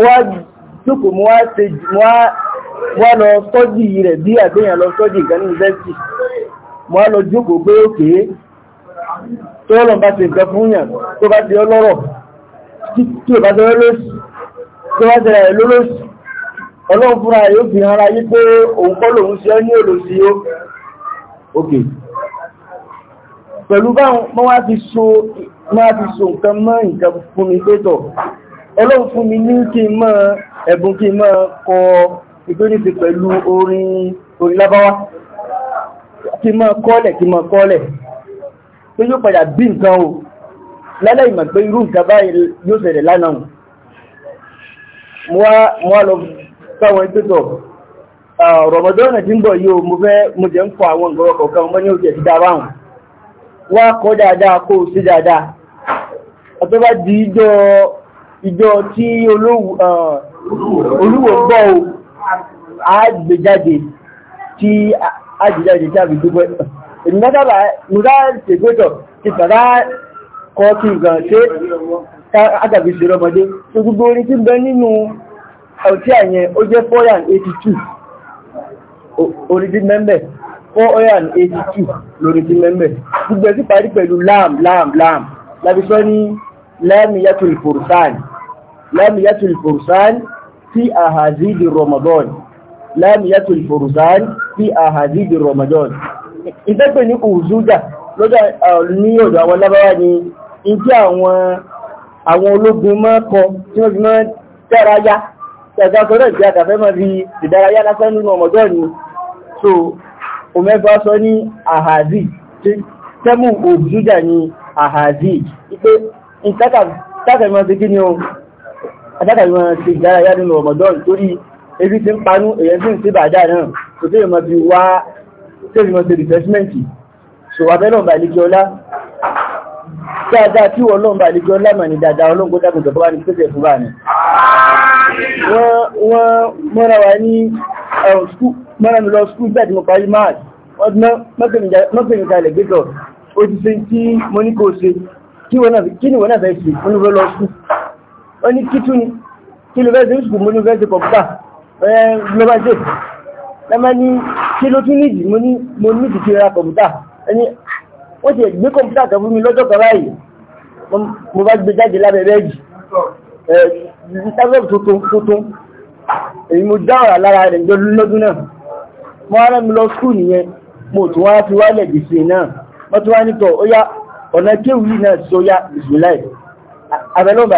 wá lọ sọ́jì rẹ̀ bí àgbéyàn lọ sọ́jì ìgbàní yunifásitì mo wá lọ jókòó pé òkè tó lọ́nà bá ṣe nǹkan fún yàn tó bá ṣe ọlọ́rọ̀ tí ó bá tẹ́rẹ lóṣì tí wọ́n tẹ́rẹ lólóṣì ọlọ́run fúnra yóò fi hàn ayé pé òun kọ́ lòun ṣe ní olóṣì ó òkè pẹ̀lú báwọn mọ́ wá ti so nǹkan mọ́ nǹkan fún mi pétọ̀ ọlọ́run fún mi ní kí n mọ́ ẹ̀bùn kí n mọ́ kọ pẹ̀lú bí nǹkan o lálẹ́ ìmọ̀ pé irú nǹkan báyìí yóò ṣẹlẹ̀ lánàá mo wá lọ fáwọn ìpẹ́tọ̀ rọ̀mọdọ́nà tí ń bọ̀ yóò mo fẹ́ mo jẹ́ ń fọ àwọn nǹkan kọ̀ọ̀kan mọ́ ní oṣù ẹ̀sì dáa báwọn wá kọ́ dáadáa kó kọ́ọ̀kì gan ṣe agàbí ṣe rọmọdé tó gbogbo orin tí bẹ nínú ọ̀tí àyẹn ó jẹ́ 482 orin tí mẹ́mbẹ̀ 482 lórí tí mẹ́mbẹ̀ gbogbo ẹ̀ sí parí pẹ̀lú lam lam lam lábí sọ ní láàmìyàtùl fòrùsán láàmìyàtùl fòrùsán fi àhàzídì rọmọdọ́n a fòrùsán fi àhàzídì rọmọdọ́n ìtẹ́pẹ̀ ní òzúdà ní ọ̀dọ̀ àwọn lábáwá ni in tí àwọn àwọn ológun máa kọ tí wọ́n fi máa dára yá tẹ̀sà sọ́rọ̀ ìgbé àkàfẹ́ máa so omẹ́fà sọ ní àhàzì tẹ́mù òbúdújà ní àhàzì ipé ìtàkàmọ́ ti kí ni ohun àtàkàmọ́ ti ìdárayá nínú ọmọdọ́ torí ebi ti ń panú èyẹ́ sí ìsíbàjá náà kò tí èèmọ̀ ti wá tẹ́lìmọ̀ ti rìfẹ́ṣmẹ́ntì ṣòwàbẹ́ lọ́nà àlejò ọlá dáadáa tí wọ́n lọ́nà àlejò ọlá mà ní dáadáa ọlọ́gbọ́ dákùn tọ́bọ́ wá ní pẹ́sẹ̀ fún bá ní wọ́n mọ́ra wa ní mọ́ra mi lọ skúl bẹ́ẹ̀ tí mo parí march mọ́pẹ̀mí jalẹ̀ gbẹ́tọ̀ ó ti ṣe tí mo ní kò ṣe kí ni wọ́n náà fẹ́ ṣe mo ní fẹ́ lọ skúl wọ́n ní kí tún ni kí ló fẹ́ ṣe skúl mo ní fẹ́ ṣe kọ̀ǹpútà global jade ní kí ló tún ní ìdí kí ra kọ̀ǹpútà ẹni wọ́n ti gbé kọ̀mpútà kan fún mi lọ́jọ́ kan báyìí mo bá gbé jáde lábẹ́ bẹ́ẹ̀gì tábìlì tuntun tuntun èyí mo dá ọ̀rà lára rẹ̀ jọ lọ́dún náà mo wá rán mi lọ skul nìyẹn mo tún wá fi wálẹ̀ gbèsè náà wọ́n tún wá ní tọ̀ ó yá ọ̀nà kéwìí náà sí yá bismillah abẹ́lọ́mbà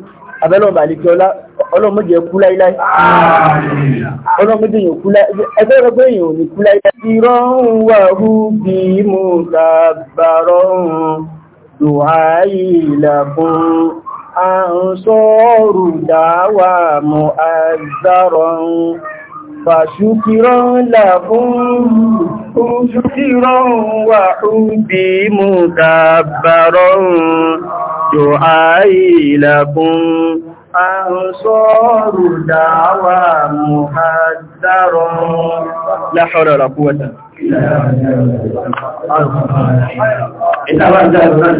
abẹ́lọ́wọ̀n bàálí kí ọlá ọlọ́mọdé kú láíláí ọlọ́mọdé yìí kú láíláí ẹgbẹ́ ọgbẹ́ yìí ò ní kú láíláí irọ́ ń wà rú bí mú tàbàrọ̀ dùháyì ìlàkùn à dáwà mọ̀ àzárọ̀ فشكرا لهم شكرا وحبي مكبرا دعائي لكم أنصار دعوى مهدرا لا حول ولا قوة إلا بالله